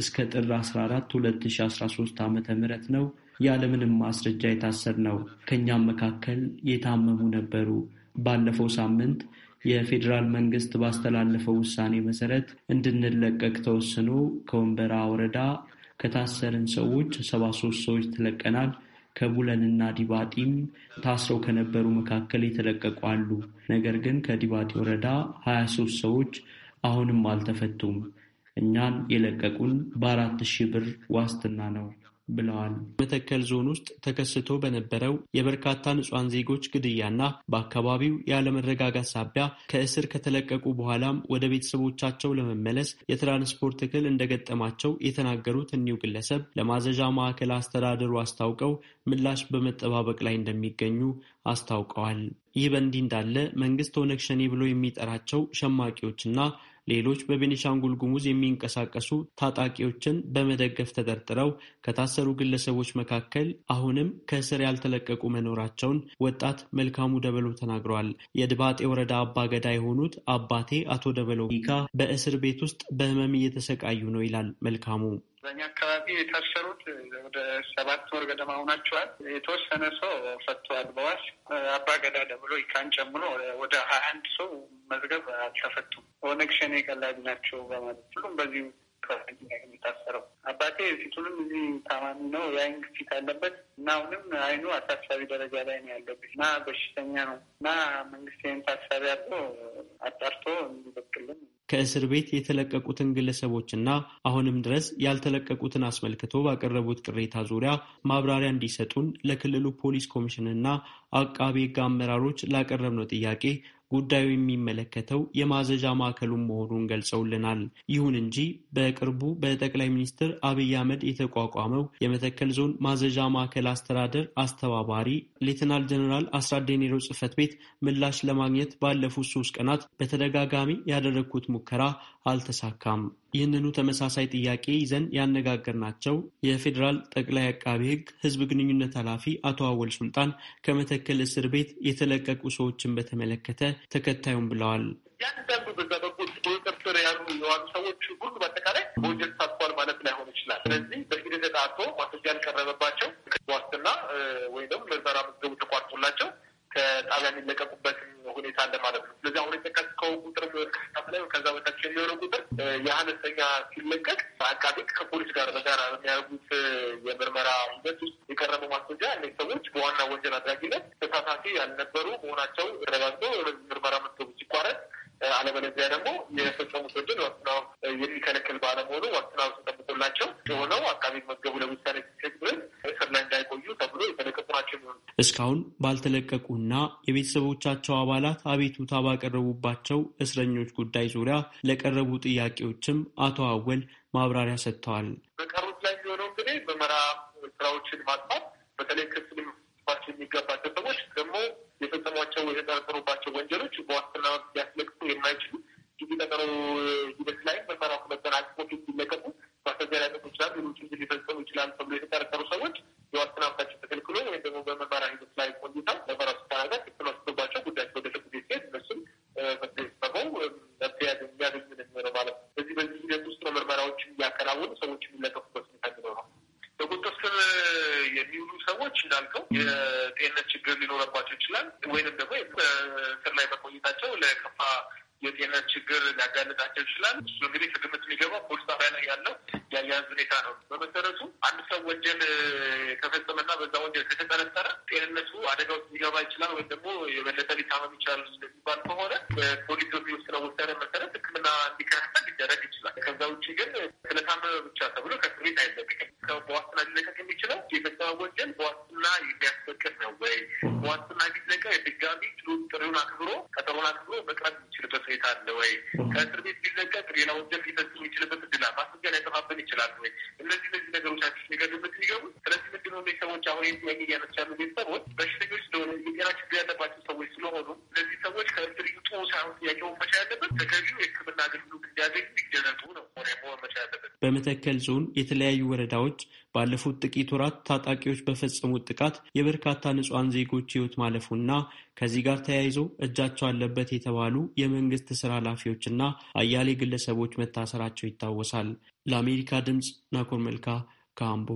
እስከ ጥር 14 2013 ዓ ም ነው ያለምንም ማስረጃ የታሰር ነው። ከእኛም መካከል የታመሙ ነበሩ። ባለፈው ሳምንት የፌዴራል መንግስት ባስተላለፈው ውሳኔ መሰረት እንድንለቀቅ ተወስኖ ከወንበራ ወረዳ ከታሰርን ሰዎች ሰባ ሰዎች ትለቀናል። ከቡለንና ዲባጢም ታስረው ከነበሩ መካከል የተለቀቁ አሉ። ነገር ግን ከዲባጢ ወረዳ 23 ሰዎች አሁንም አልተፈቱም። እኛን የለቀቁን በአራት ሺህ ብር ዋስትና ነው ብለዋል። መተከል ዞን ውስጥ ተከስቶ በነበረው የበርካታ ንጹሐን ዜጎች ግድያና በአካባቢው ያለመረጋጋት ሳቢያ ከእስር ከተለቀቁ በኋላም ወደ ቤተሰቦቻቸው ለመመለስ የትራንስፖርት እክል እንደገጠማቸው የተናገሩት እኒው ግለሰብ ለማዘዣ ማዕከል አስተዳደሩ አስታውቀው ምላሽ በመጠባበቅ ላይ እንደሚገኙ አስታውቀዋል። ይህ በእንዲህ እንዳለ መንግስት ኦነግ ሸኔ ብሎ የሚጠራቸው ሸማቂዎችና ሌሎች በቤኒሻንጉል ጉሙዝ የሚንቀሳቀሱ ታጣቂዎችን በመደገፍ ተጠርጥረው ከታሰሩ ግለሰቦች መካከል አሁንም ከእስር ያልተለቀቁ መኖራቸውን ወጣት መልካሙ ደበሎ ተናግረዋል። የድባጤ ወረዳ አባገዳ የሆኑት አባቴ አቶ ደበሎ ካ በእስር ቤት ውስጥ በህመም እየተሰቃዩ ነው ይላል መልካሙ። በኛ አካባቢ የታሰሩት ወደ ሰባት ወር ገደማ ሆናቸዋል። የተወሰነ ሰው ፈቷል በዋስ አባ ገዳ ደብሎ ይካን ጨምሮ ወደ ሀያ አንድ ሰው መዝገብ አልተፈቱም። ኦነግ ሸኔ ቀላጅ ናቸው በማለት ሁሉም በዚህ የሚታሰረው አባቴ ፊቱንም እዚህ ታማሚ ነው። የአይን ግፊት አለበት እና አሁንም አይኑ አሳሳቢ ደረጃ ላይ ነው ያለው እና በሽተኛ ነው እና መንግስት ይህን ታሳቢ አድርጎ አጣርቶ እንዲበቅልን ከእስር ቤት የተለቀቁትን ግለሰቦችና አሁንም ድረስ ያልተለቀቁትን አስመልክቶ ባቀረቡት ቅሬታ ዙሪያ ማብራሪያ እንዲሰጡን ለክልሉ ፖሊስ ኮሚሽንና አቃቤ ሕግ አመራሮች ላቀረብነው ጥያቄ ጉዳዩ የሚመለከተው የማዘዣ ማዕከሉን መሆኑን ገልጸውልናል። ይሁን እንጂ በቅርቡ በጠቅላይ ሚኒስትር አብይ አህመድ የተቋቋመው የመተከል ዞን ማዘዣ ማዕከል አስተዳደር አስተባባሪ ሌትናል ጀኔራል አስራት ዴኔሮ ጽህፈት ቤት ምላሽ ለማግኘት ባለፉት ሶስት ቀናት በተደጋጋሚ ያደረግኩት ሙከራ አልተሳካም። ይህንኑ ተመሳሳይ ጥያቄ ይዘን ያነጋገርናቸው የፌዴራል ጠቅላይ አቃቢ ሕግ ህዝብ ግንኙነት ኃላፊ አቶ አወል ሱልጣን ከመተከል እስር ቤት የተለቀቁ ሰዎችን በተመለከተ ተከታዩም ብለዋል። እያንዳንዱ በዛ በኩል ቁጥጥር ስር ያሉ የዋሉ ሰዎች ሁሉ በአጠቃላይ በወንጀል ተሳትፏል ማለት ላይሆን ይችላል። ስለዚህ በሂደት ተጣርቶ ማስረጃ ያልቀረበባቸው ዋስትና ወይም ደግሞ ምርመራ መዝገቡ ተቋርጦላቸው ከጣቢያ የሚለቀቁበት ሁኔታ አለ ማለት ነው። ስለዚህ አሁን የጠቀስከው ቁጥር ላይ ከዛ በታች የሚሆነ ቁጥር የአነስተኛ ሲለቀቅ አቃቤ ከፖሊስ ጋር በጋራ በሚያደርጉት የምርመራ ሂደት ውስጥ የቀረበ ማስረጃ እነዚህ ሰዎች በዋና ወንጀል አድራጊነት ተሳታፊ ያልነበሩ መሆናቸው ተረጋግጦ ምርመራ መዝገቡ ሲቋረጥ አለበለዚያ ደግሞ የፈጸሙት ወንጀል ዋስትና የሚከለክል ባለመሆኑ ዋስትና ተጠብቆላቸው የሆነው አቃቤ መዝገቡ ለውሳኔ ሲሰጥ ድረስ እስር ላይ እንዳይቆዩ ተብሎ የተለቀ እስካሁን ባልተለቀቁና የቤተሰቦቻቸው አባላት አቤቱታ ባቀረቡባቸው እስረኞች ጉዳይ ዙሪያ ለቀረቡ ጥያቄዎችም አቶ አወል ማብራሪያ ሰጥተዋል። በቀሩት ላይ የሚሆነው እንግዲህ ምርመራ ስራዎችን ማጥፋት በተለይ ክፍል ባቸው የሚገባቸው ሰዎች ደግሞ የፈጸሟቸው የተጠረጠሩባቸው ወንጀሎች በዋስትና መብት ሊያስለቅቁ የማይችሉ ጊዜ ቀጠሮ ሂደት ላይ ምርመራው ከመጠናቀቁ በፊት ሲለቀቁ ማስረጃ ሊያጠቁ ይችላል፣ ሌሎች ሊፈጸሙ ይችላል ተብሎ የተጠረጠሩ ሰዎች የዋስትና የጤንነት ችግር ሊኖረባቸው ይችላል። ወይንም ደግሞ ስር ላይ መቆየታቸው ለከፋ የጤንነት ችግር ሊያጋልጣቸው ይችላል። እሱ እንግዲህ ከግምት የሚገባው ፖሊስ ጣቢያ ላይ ያለው የአያያዝ ሁኔታ ነው። በመሰረቱ አንድ ሰው ወንጀል ከፈጸመና በዛ ወንጀል ከተጠረጠረ ጤንነቱ አደጋ ውስጥ ሊገባ ይችላል ወይም ደግሞ የበለጠ ሊታመም ይችላል ስለሚባል ከሆነ በፖሊስ ሎቢ ውስጥ ለወሰነ መሰረት ሕክምና እንዲከታተል ሊደረግ ይችላል። ከዛ ውጭ ግን ስለታመመ ብቻ ተብሎ ከእስር ቤት አይለቀቅም። በዋስትና ሊለቀቅ የሚችለው የፈጸመ ወንጀል በዋ አለ ወይ? ከእስር ቤት ቢለቀቅ ሌላ ወንጀል ሊፈጽም ይችልበት እድል ማስገን ያጠፋብን ይችላል ወይ? እነዚህ እነዚህ ነገሮች አዲስ ነገር ድምት ስለዚህ ምንድነው ቤተሰቦች አሁን ጥያቄ እያነሳሉ በመተከል ዞን የተለያዩ ወረዳዎች ባለፉት ጥቂት ወራት ታጣቂዎች በፈጸሙት ጥቃት የበርካታ ንጹሐን ዜጎች ሕይወት ማለፉና ከዚህ ጋር ተያይዞ እጃቸው አለበት የተባሉ የመንግስት ስራ ኃላፊዎችና አያሌ ግለሰቦች መታሰራቸው ይታወሳል። ለአሜሪካ ድምፅ ናኮር መልካ ከአምቦ።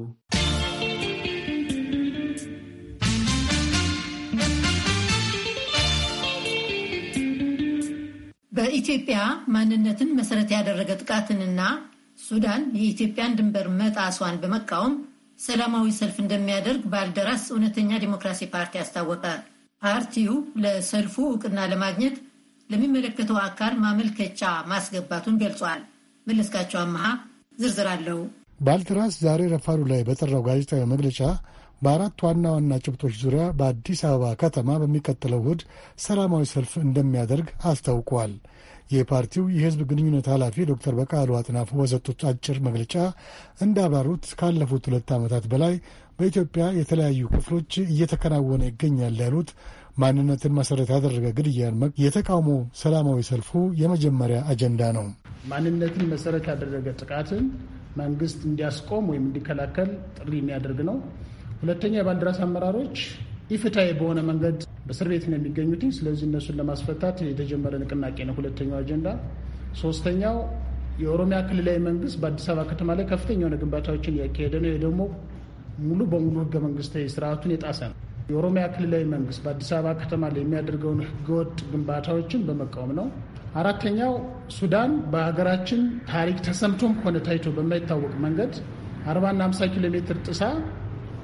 በኢትዮጵያ ማንነትን መሰረት ያደረገ ጥቃትንና ሱዳን የኢትዮጵያን ድንበር መጣሷን በመቃወም ሰላማዊ ሰልፍ እንደሚያደርግ ባልደራስ እውነተኛ ዲሞክራሲ ፓርቲ አስታወቀ። ፓርቲው ለሰልፉ እውቅና ለማግኘት ለሚመለከተው አካል ማመልከቻ ማስገባቱን ገልጿል። መለስካቸው አመሃ ዝርዝር አለው። ባልደራስ ዛሬ ረፋዱ ላይ በጠራው ጋዜጣዊ መግለጫ በአራት ዋና ዋና ጭብጦች ዙሪያ በአዲስ አበባ ከተማ በሚቀጥለው እሁድ ሰላማዊ ሰልፍ እንደሚያደርግ አስታውቋል። የፓርቲው የህዝብ ግንኙነት ኃላፊ ዶክተር በቃሉ አጥናፉ በሰጡት አጭር መግለጫ እንዳብራሩት ካለፉት ሁለት ዓመታት በላይ በኢትዮጵያ የተለያዩ ክፍሎች እየተከናወነ ይገኛል ያሉት ማንነትን መሰረት ያደረገ ግድያን የተቃውሞ ሰላማዊ ሰልፉ የመጀመሪያ አጀንዳ ነው። ማንነትን መሰረት ያደረገ ጥቃትን መንግስት እንዲያስቆም ወይም እንዲከላከል ጥሪ የሚያደርግ ነው። ሁለተኛ የባልደራስ አመራሮች ኢፍትሐዊ በሆነ መንገድ በእስር ቤት ነው የሚገኙት። ስለዚህ እነሱን ለማስፈታት የተጀመረ ንቅናቄ ነው ሁለተኛው አጀንዳ። ሶስተኛው የኦሮሚያ ክልላዊ መንግስት በአዲስ አበባ ከተማ ላይ ከፍተኛ የሆነ ግንባታዎችን እያካሄደ ነው። ደግሞ ሙሉ በሙሉ ህገ መንግስታዊ ስርዓቱን የጣሰ ነው። የኦሮሚያ ክልላዊ መንግስት በአዲስ አበባ ከተማ ላይ የሚያደርገውን ህገወጥ ግንባታዎችን በመቃወም ነው። አራተኛው ሱዳን በሀገራችን ታሪክ ተሰምቶም ሆነ ታይቶ በማይታወቅ መንገድ አርባና ሀምሳ ኪሎ ሜትር ጥሳ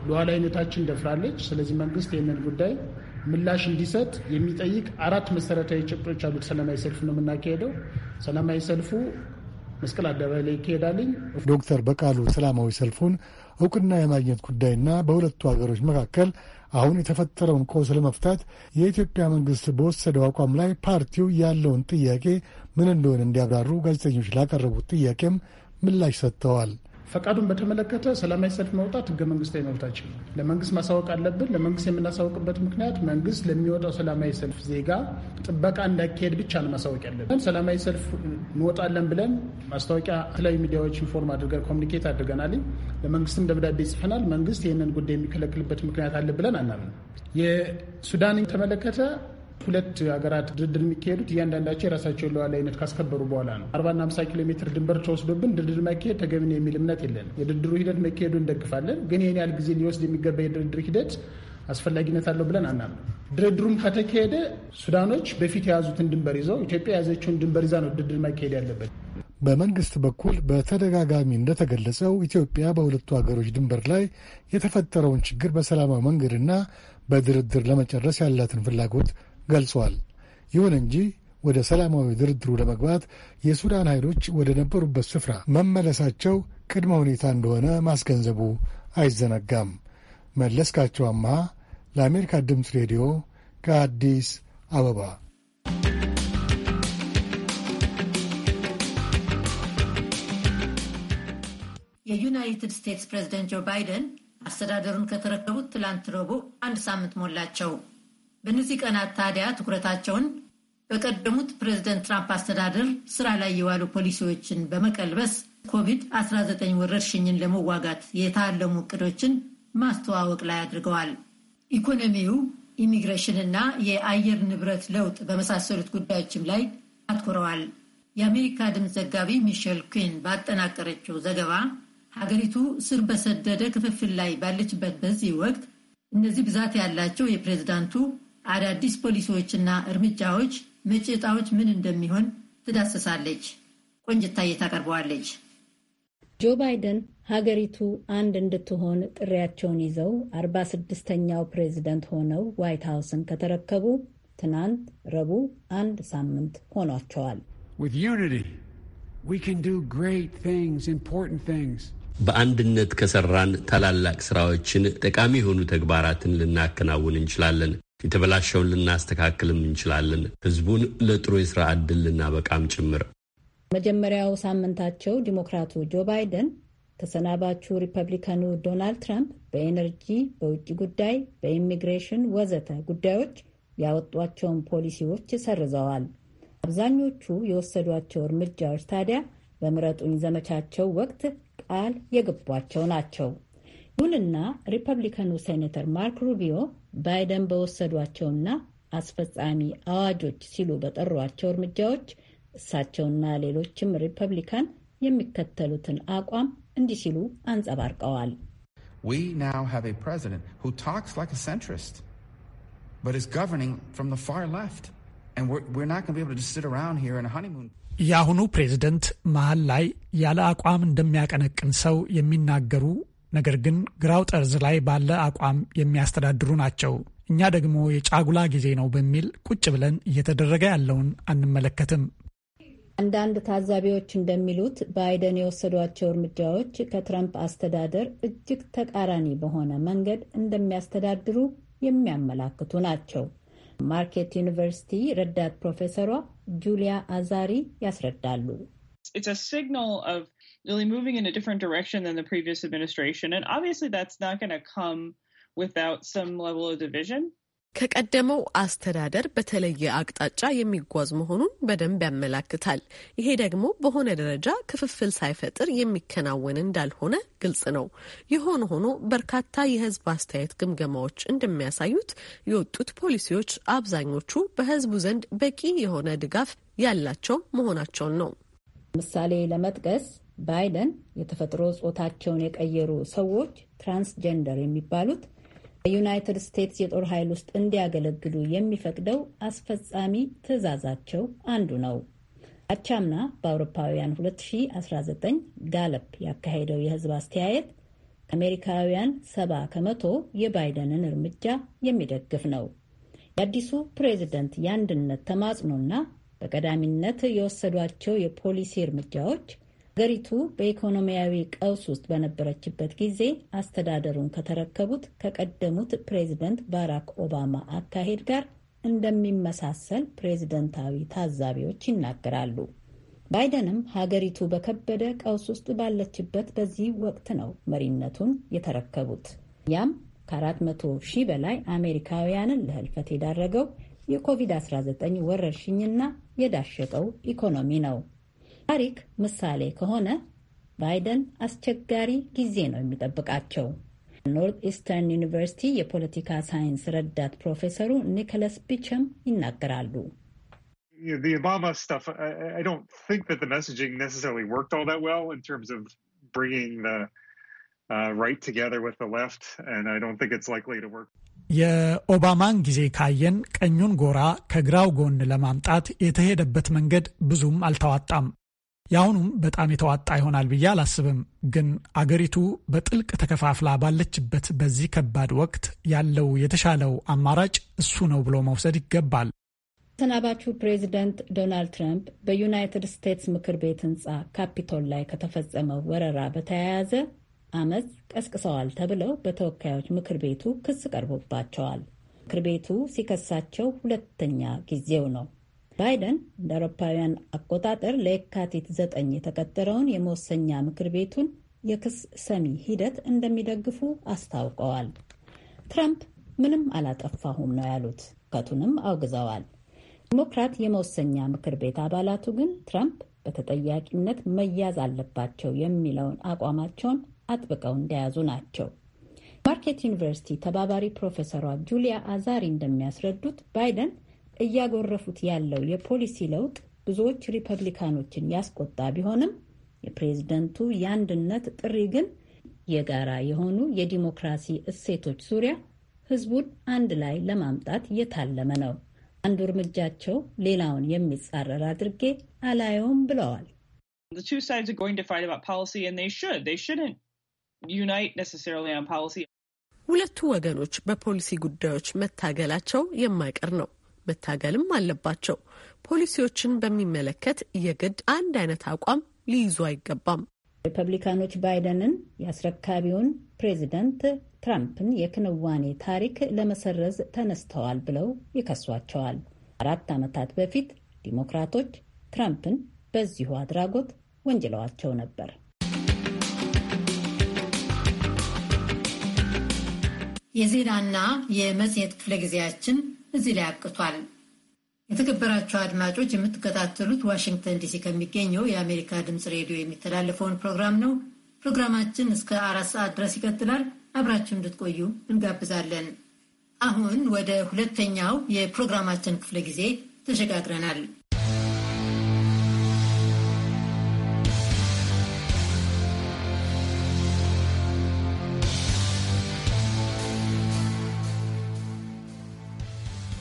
ሉዓላዊነታችን ደፍራለች። ስለዚህ መንግስት ይህንን ጉዳይ ምላሽ እንዲሰጥ የሚጠይቅ አራት መሰረታዊ ጭብጦች አሉት። ሰላማዊ ሰልፍ ነው የምናካሄደው። ሰላማዊ ሰልፉ መስቀል አደባባይ ላይ ይካሄዳልኝ። ዶክተር በቃሉ ሰላማዊ ሰልፉን እውቅና የማግኘት ጉዳይና በሁለቱ ሀገሮች መካከል አሁን የተፈጠረውን ቀውስ ለመፍታት የኢትዮጵያ መንግስት በወሰደው አቋም ላይ ፓርቲው ያለውን ጥያቄ ምን እንደሆነ እንዲያብራሩ ጋዜጠኞች ላቀረቡት ጥያቄም ምላሽ ሰጥተዋል። ፈቃዱን በተመለከተ ሰላማዊ ሰልፍ መውጣት ህገ መንግስታዊ መብታችን ነው። ለመንግስት ማሳወቅ አለብን። ለመንግስት የምናሳወቅበት ምክንያት መንግስት ለሚወጣው ሰላማዊ ሰልፍ ዜጋ ጥበቃ እንዳካሄድ ብቻ ነው ማሳወቅ ያለብን። ሰላማዊ ሰልፍ እንወጣለን ብለን ማስታወቂያ የተለያዩ ሚዲያዎች ኢንፎርም አድርገን ኮሚኒኬት አድርገናል። ለመንግስትም ደብዳቤ ጽፈናል። መንግስት ይህንን ጉዳይ የሚከለክልበት ምክንያት አለ ብለን አናምን። የሱዳን ተመለከተ ሁለት ሀገራት ድርድር የሚካሄዱት እያንዳንዳቸው የራሳቸውን ሉዓላዊነት ካስከበሩ በኋላ ነው። አርባና ሃምሳ ኪሎ ሜትር ድንበር ተወስዶብን ድርድር መካሄድ ተገቢ ነው የሚል እምነት የለን። የድርድሩ ሂደት መካሄዱ እንደግፋለን፣ ግን ይህን ያህል ጊዜ ሊወስድ የሚገባ የድርድር ሂደት አስፈላጊነት አለው ብለን አናምንም። ድርድሩም ከተካሄደ ሱዳኖች በፊት የያዙትን ድንበር ይዘው ኢትዮጵያ የያዘችውን ድንበር ይዛ ነው ድርድር መካሄድ ያለበት። በመንግስት በኩል በተደጋጋሚ እንደተገለጸው ኢትዮጵያ በሁለቱ ሀገሮች ድንበር ላይ የተፈጠረውን ችግር በሰላማዊ መንገድና በድርድር ለመጨረስ ያላትን ፍላጎት ገልጿል። ይሁን እንጂ ወደ ሰላማዊ ድርድሩ ለመግባት የሱዳን ኃይሎች ወደ ነበሩበት ስፍራ መመለሳቸው ቅድመ ሁኔታ እንደሆነ ማስገንዘቡ አይዘነጋም። መለስካቸው አምሃ ለአሜሪካ ድምፅ ሬዲዮ ከአዲስ አበባ። የዩናይትድ ስቴትስ ፕሬዝደንት ጆ ባይደን አስተዳደሩን ከተረከቡት ትላንት ረቡዕ አንድ ሳምንት ሞላቸው። በእነዚህ ቀናት ታዲያ ትኩረታቸውን በቀደሙት ፕሬዚደንት ትራምፕ አስተዳደር ስራ ላይ የዋሉ ፖሊሲዎችን በመቀልበስ ኮቪድ-19 ወረርሽኝን ለመዋጋት የታለሙ እቅዶችን ማስተዋወቅ ላይ አድርገዋል። ኢኮኖሚው፣ ኢሚግሬሽንና የአየር ንብረት ለውጥ በመሳሰሉት ጉዳዮችም ላይ አትኩረዋል። የአሜሪካ ድምፅ ዘጋቢ ሚሸል ኩን ባጠናቀረችው ዘገባ ሀገሪቱ ስር በሰደደ ክፍፍል ላይ ባለችበት በዚህ ወቅት እነዚህ ብዛት ያላቸው የፕሬዝዳንቱ አዳዲስ ፖሊሲዎችና እርምጃዎች መጪ ዕጣዎች ምን እንደሚሆን ትዳስሳለች ቆንጅታዬ ታቀርበዋለች። ጆ ባይደን ሀገሪቱ አንድ እንድትሆን ጥሪያቸውን ይዘው 46 ስድስተኛው ፕሬዚደንት ሆነው ዋይት ሀውስን ከተረከቡ ትናንት ረቡዕ አንድ ሳምንት ሆኗቸዋል። በአንድነት ከሰራን ታላላቅ ስራዎችን፣ ጠቃሚ የሆኑ ተግባራትን ልናከናውን እንችላለን። የተበላሸውን ልናስተካክልም እንችላለን። ህዝቡን ለጥሩ የስራ ዕድል ልናበቃም ጭምር። መጀመሪያው ሳምንታቸው ዲሞክራቱ ጆ ባይደን ተሰናባቹ ሪፐብሊካኑ ዶናልድ ትራምፕ በኤነርጂ፣ በውጭ ጉዳይ፣ በኢሚግሬሽን ወዘተ ጉዳዮች ያወጧቸውን ፖሊሲዎች ሰርዘዋል። አብዛኞቹ የወሰዷቸው እርምጃዎች ታዲያ በምረጡኝ ዘመቻቸው ወቅት ቃል የገቧቸው ናቸው። ይሁንና ሪፐብሊካኑ ሴኔተር ማርክ ሩቢዮ ባይደን በወሰዷቸውና አስፈጻሚ አዋጆች ሲሉ በጠሯቸው እርምጃዎች እሳቸውና ሌሎችም ሪፐብሊካን የሚከተሉትን አቋም እንዲህ ሲሉ አንጸባርቀዋል። የአሁኑ ፕሬዝደንት መሀል ላይ ያለ አቋም እንደሚያቀነቅን ሰው የሚናገሩ ነገር ግን ግራው ጠርዝ ላይ ባለ አቋም የሚያስተዳድሩ ናቸው። እኛ ደግሞ የጫጉላ ጊዜ ነው በሚል ቁጭ ብለን እየተደረገ ያለውን አንመለከትም። አንዳንድ ታዛቢዎች እንደሚሉት ባይደን የወሰዷቸው እርምጃዎች ከትራምፕ አስተዳደር እጅግ ተቃራኒ በሆነ መንገድ እንደሚያስተዳድሩ የሚያመላክቱ ናቸው። ማርኬት ዩኒቨርሲቲ ረዳት ፕሮፌሰሯ ጁሊያ አዛሪ ያስረዳሉ። really moving in a different direction than the previous administration. And obviously, that's not going to come without some level of division. ከቀደመው አስተዳደር በተለየ አቅጣጫ የሚጓዝ መሆኑን በደንብ ያመላክታል። ይሄ ደግሞ በሆነ ደረጃ ክፍፍል ሳይፈጥር የሚከናወን እንዳልሆነ ግልጽ ነው። የሆነ ሆኖ በርካታ የሕዝብ አስተያየት ግምገማዎች እንደሚያሳዩት የወጡት ፖሊሲዎች አብዛኞቹ በሕዝቡ ዘንድ በቂ የሆነ ድጋፍ ያላቸው መሆናቸውን ነው። ምሳሌ ለመጥቀስ ባይደን የተፈጥሮ ጾታቸውን የቀየሩ ሰዎች ትራንስጀንደር የሚባሉት በዩናይትድ ስቴትስ የጦር ኃይል ውስጥ እንዲያገለግሉ የሚፈቅደው አስፈጻሚ ትዕዛዛቸው አንዱ ነው። አቻምና በአውሮፓውያን 2019 ጋለፕ ያካሄደው የህዝብ አስተያየት ከአሜሪካውያን ሰባ ከመቶ የባይደንን እርምጃ የሚደግፍ ነው። የአዲሱ ፕሬዝደንት የአንድነት ተማጽኖና በቀዳሚነት የወሰዷቸው የፖሊሲ እርምጃዎች ሀገሪቱ በኢኮኖሚያዊ ቀውስ ውስጥ በነበረችበት ጊዜ አስተዳደሩን ከተረከቡት ከቀደሙት ፕሬዚደንት ባራክ ኦባማ አካሄድ ጋር እንደሚመሳሰል ፕሬዚደንታዊ ታዛቢዎች ይናገራሉ። ባይደንም ሀገሪቱ በከበደ ቀውስ ውስጥ ባለችበት በዚህ ወቅት ነው መሪነቱን የተረከቡት። ያም ከ400 ሺህ በላይ አሜሪካውያንን ለህልፈት የዳረገው የኮቪድ-19 ወረርሽኝና የዳሸቀው ኢኮኖሚ ነው። ታሪክ ምሳሌ ከሆነ ባይደን አስቸጋሪ ጊዜ ነው የሚጠብቃቸው። ኖርት ኢስተርን ዩኒቨርሲቲ የፖለቲካ ሳይንስ ረዳት ፕሮፌሰሩ ኒኮላስ ቢቸም ይናገራሉ። uh, የኦባማን ጊዜ ካየን ቀኙን ጎራ ከግራው ጎን ለማምጣት የተሄደበት መንገድ ብዙም አልተዋጣም። የአሁኑም በጣም የተዋጣ ይሆናል ብዬ አላስብም። ግን አገሪቱ በጥልቅ ተከፋፍላ ባለችበት በዚህ ከባድ ወቅት ያለው የተሻለው አማራጭ እሱ ነው ብሎ መውሰድ ይገባል። ተሰናባቹ ፕሬዚደንት ዶናልድ ትራምፕ በዩናይትድ ስቴትስ ምክር ቤት ህንፃ ካፒቶል ላይ ከተፈጸመው ወረራ በተያያዘ አመፅ ቀስቅሰዋል ተብለው በተወካዮች ምክር ቤቱ ክስ ቀርቦባቸዋል። ምክር ቤቱ ሲከሳቸው ሁለተኛ ጊዜው ነው። ባይደን እንደ አውሮፓውያን አቆጣጠር ለየካቲት ዘጠኝ የተቀጠረውን የመወሰኛ ምክር ቤቱን የክስ ሰሚ ሂደት እንደሚደግፉ አስታውቀዋል። ትራምፕ ምንም አላጠፋሁም ነው ያሉት፣ ከቱንም አውግዘዋል። ዲሞክራት የመወሰኛ ምክር ቤት አባላቱ ግን ትራምፕ በተጠያቂነት መያዝ አለባቸው የሚለውን አቋማቸውን አጥብቀው እንደያዙ ናቸው። ማርኬት ዩኒቨርሲቲ ተባባሪ ፕሮፌሰሯ ጁሊያ አዛሪ እንደሚያስረዱት ባይደን እያጎረፉት ያለው የፖሊሲ ለውጥ ብዙዎች ሪፐብሊካኖችን ያስቆጣ ቢሆንም የፕሬዝደንቱ የአንድነት ጥሪ ግን የጋራ የሆኑ የዲሞክራሲ እሴቶች ዙሪያ ህዝቡን አንድ ላይ ለማምጣት የታለመ ነው። አንዱ እርምጃቸው ሌላውን የሚጻረር አድርጌ አላየውም ብለዋል። ሁለቱ ወገኖች በፖሊሲ ጉዳዮች መታገላቸው የማይቀር ነው። መታገልም አለባቸው። ፖሊሲዎችን በሚመለከት የግድ አንድ አይነት አቋም ሊይዙ አይገባም። ሪፐብሊካኖች ባይደንን የአስረካቢውን ፕሬዚደንት ትራምፕን የክንዋኔ ታሪክ ለመሰረዝ ተነስተዋል ብለው ይከሷቸዋል። አራት ዓመታት በፊት ዲሞክራቶች ትራምፕን በዚሁ አድራጎት ወንጅለዋቸው ነበር። የዜናና የመጽሔት ክፍለ ጊዜያችን እዚህ ላይ አብቅቷል። የተከበራቸው አድማጮች የምትከታተሉት ዋሽንግተን ዲሲ ከሚገኘው የአሜሪካ ድምፅ ሬዲዮ የሚተላለፈውን ፕሮግራም ነው። ፕሮግራማችን እስከ አራት ሰዓት ድረስ ይቀጥላል። አብራችሁ እንድትቆዩ እንጋብዛለን። አሁን ወደ ሁለተኛው የፕሮግራማችን ክፍለ ጊዜ ተሸጋግረናል።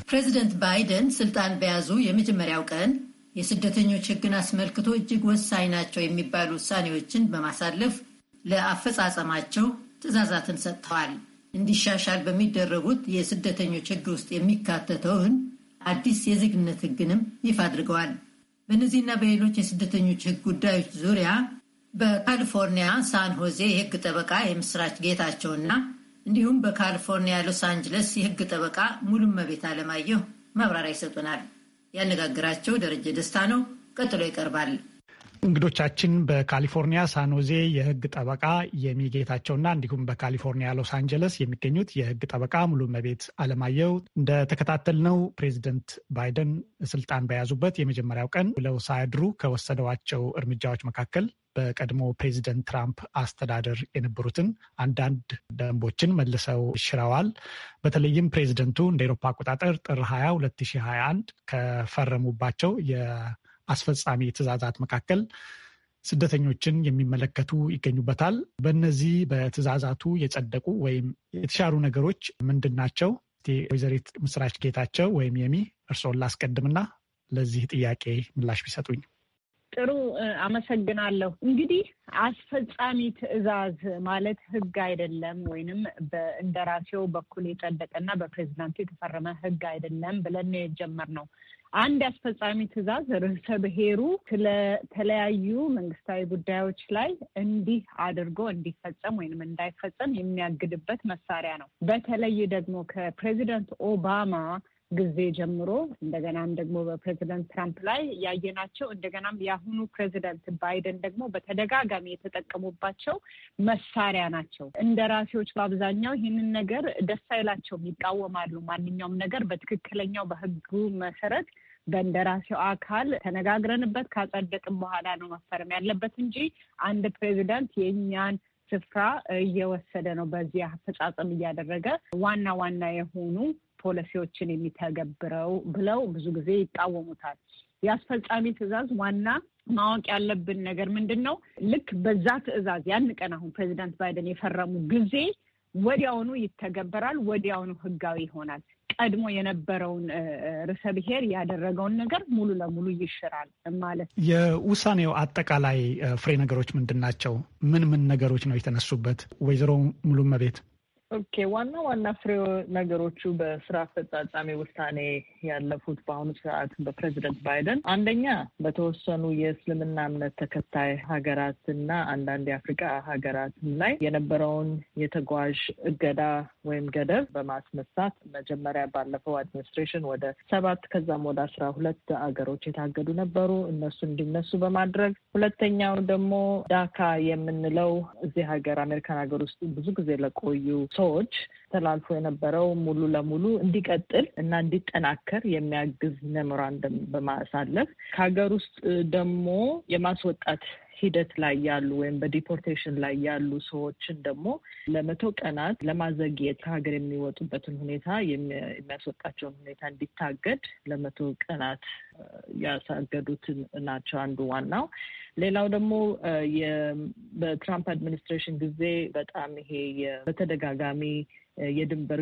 ፕሬዚደንት ባይደን ስልጣን በያዙ የመጀመሪያው ቀን የስደተኞች ሕግን አስመልክቶ እጅግ ወሳኝ ናቸው የሚባሉ ውሳኔዎችን በማሳለፍ ለአፈጻጸማቸው ትዕዛዛትን ሰጥተዋል። እንዲሻሻል በሚደረጉት የስደተኞች ሕግ ውስጥ የሚካተተውን አዲስ የዜግነት ሕግንም ይፋ አድርገዋል። በእነዚህና በሌሎች የስደተኞች ሕግ ጉዳዮች ዙሪያ በካሊፎርኒያ ሳን ሆዜ የሕግ ጠበቃ የምስራች ጌታቸውና እንዲሁም በካሊፎርኒያ ሎስ አንጅለስ የህግ ጠበቃ መቤት አለማየሁ ማብራሪያ ይሰጡናል። ያነጋግራቸው ደረጀ ደስታ ነው። ቀጥሎ ይቀርባል። እንግዶቻችን በካሊፎርኒያ ሳኖዜ የህግ ጠበቃ የሚጌታቸውና እንዲሁም በካሊፎርኒያ ሎስ አንጀለስ የሚገኙት የህግ ጠበቃ ሙሉመቤት አለማየሁ እንደተከታተልነው ፕሬዚደንት ባይደን ስልጣን በያዙበት የመጀመሪያው ቀን ብለው ሳያድሩ ከወሰደዋቸው እርምጃዎች መካከል በቀድሞ ፕሬዚደንት ትራምፕ አስተዳደር የነበሩትን አንዳንድ ደንቦችን መልሰው ሽረዋል። በተለይም ፕሬዚደንቱ እንደ ኤሮፓ አቆጣጠር ጥር 20 2021 ከፈረሙባቸው የአስፈጻሚ ትእዛዛት መካከል ስደተኞችን የሚመለከቱ ይገኙበታል። በእነዚህ በትእዛዛቱ የጸደቁ ወይም የተሻሩ ነገሮች ምንድን ናቸው? ወይዘሪት ምስራች ጌታቸው ወይም የሚ እርስዎን ላስቀድምና ለዚህ ጥያቄ ምላሽ ቢሰጡኝ። ጥሩ አመሰግናለሁ። እንግዲህ አስፈጻሚ ትዕዛዝ ማለት ህግ አይደለም ወይንም በእንደራሴው በኩል የጸደቀና በፕሬዚዳንቱ የተፈረመ ህግ አይደለም ብለን የጀመርነው አንድ አስፈጻሚ ትዕዛዝ ርዕሰ ብሔሩ ስለተለያዩ መንግስታዊ ጉዳዮች ላይ እንዲህ አድርጎ እንዲፈጸም ወይንም እንዳይፈጸም የሚያግድበት መሳሪያ ነው። በተለይ ደግሞ ከፕሬዚደንት ኦባማ ጊዜ ጀምሮ እንደገናም ደግሞ በፕሬዚደንት ትራምፕ ላይ ያየናቸው እንደገናም የአሁኑ ፕሬዚደንት ባይደን ደግሞ በተደጋጋሚ የተጠቀሙባቸው መሳሪያ ናቸው። እንደራሴዎች በአብዛኛው ይህንን ነገር ደስ አይላቸውም፣ ይቃወማሉ። ማንኛውም ነገር በትክክለኛው በህጉ መሰረት በእንደራሴው አካል ተነጋግረንበት ካጸደቅም በኋላ ነው መፈረም ያለበት እንጂ አንድ ፕሬዚደንት የእኛን ስፍራ እየወሰደ ነው በዚህ አፈጻጸም እያደረገ ዋና ዋና የሆኑ ፖሊሲዎችን የሚተገብረው ብለው ብዙ ጊዜ ይቃወሙታል። የአስፈጻሚ ትዕዛዝ ዋና ማወቅ ያለብን ነገር ምንድን ነው? ልክ በዛ ትዕዛዝ ያን ቀን አሁን ፕሬዚዳንት ባይደን የፈረሙ ጊዜ ወዲያውኑ ይተገበራል፣ ወዲያውኑ ህጋዊ ይሆናል። ቀድሞ የነበረውን ርዕሰ ብሔር ያደረገውን ነገር ሙሉ ለሙሉ ይሽራል ማለት ነው። የውሳኔው አጠቃላይ ፍሬ ነገሮች ምንድን ናቸው? ምን ምን ነገሮች ነው የተነሱበት? ወይዘሮ ሙሉመቤት ኦኬ ዋና ዋና ፍሬ ነገሮቹ በስራ አፈጻጻሚ ውሳኔ ያለፉት በአሁኑ ሰዓት በፕሬዚደንት ባይደን አንደኛ በተወሰኑ የእስልምና እምነት ተከታይ ሀገራትና አንዳንድ የአፍሪካ ሀገራት ላይ የነበረውን የተጓዥ እገዳ ወይም ገደብ በማስነሳት መጀመሪያ ባለፈው አድሚኒስትሬሽን ወደ ሰባት ከዛም ወደ አስራ ሁለት ሀገሮች የታገዱ ነበሩ። እነሱ እንዲነሱ በማድረግ ሁለተኛው ደግሞ ዳካ የምንለው እዚህ ሀገር አሜሪካን ሀገር ውስጥ ብዙ ጊዜ ለቆዩ ሰዎች ተላልፎ የነበረው ሙሉ ለሙሉ እንዲቀጥል እና እንዲጠናከር የሚያግዝ መምህራን በማሳለፍ ከሀገር ውስጥ ደግሞ የማስወጣት ሂደት ላይ ያሉ ወይም በዲፖርቴሽን ላይ ያሉ ሰዎችን ደግሞ ለመቶ ቀናት ለማዘግየት ከሀገር የሚወጡበትን ሁኔታ የሚያስወጣቸውን ሁኔታ እንዲታገድ ለመቶ ቀናት ያሳገዱት ናቸው አንዱ ዋናው። ሌላው ደግሞ በትራምፕ አድሚኒስትሬሽን ጊዜ በጣም ይሄ በተደጋጋሚ የድንበር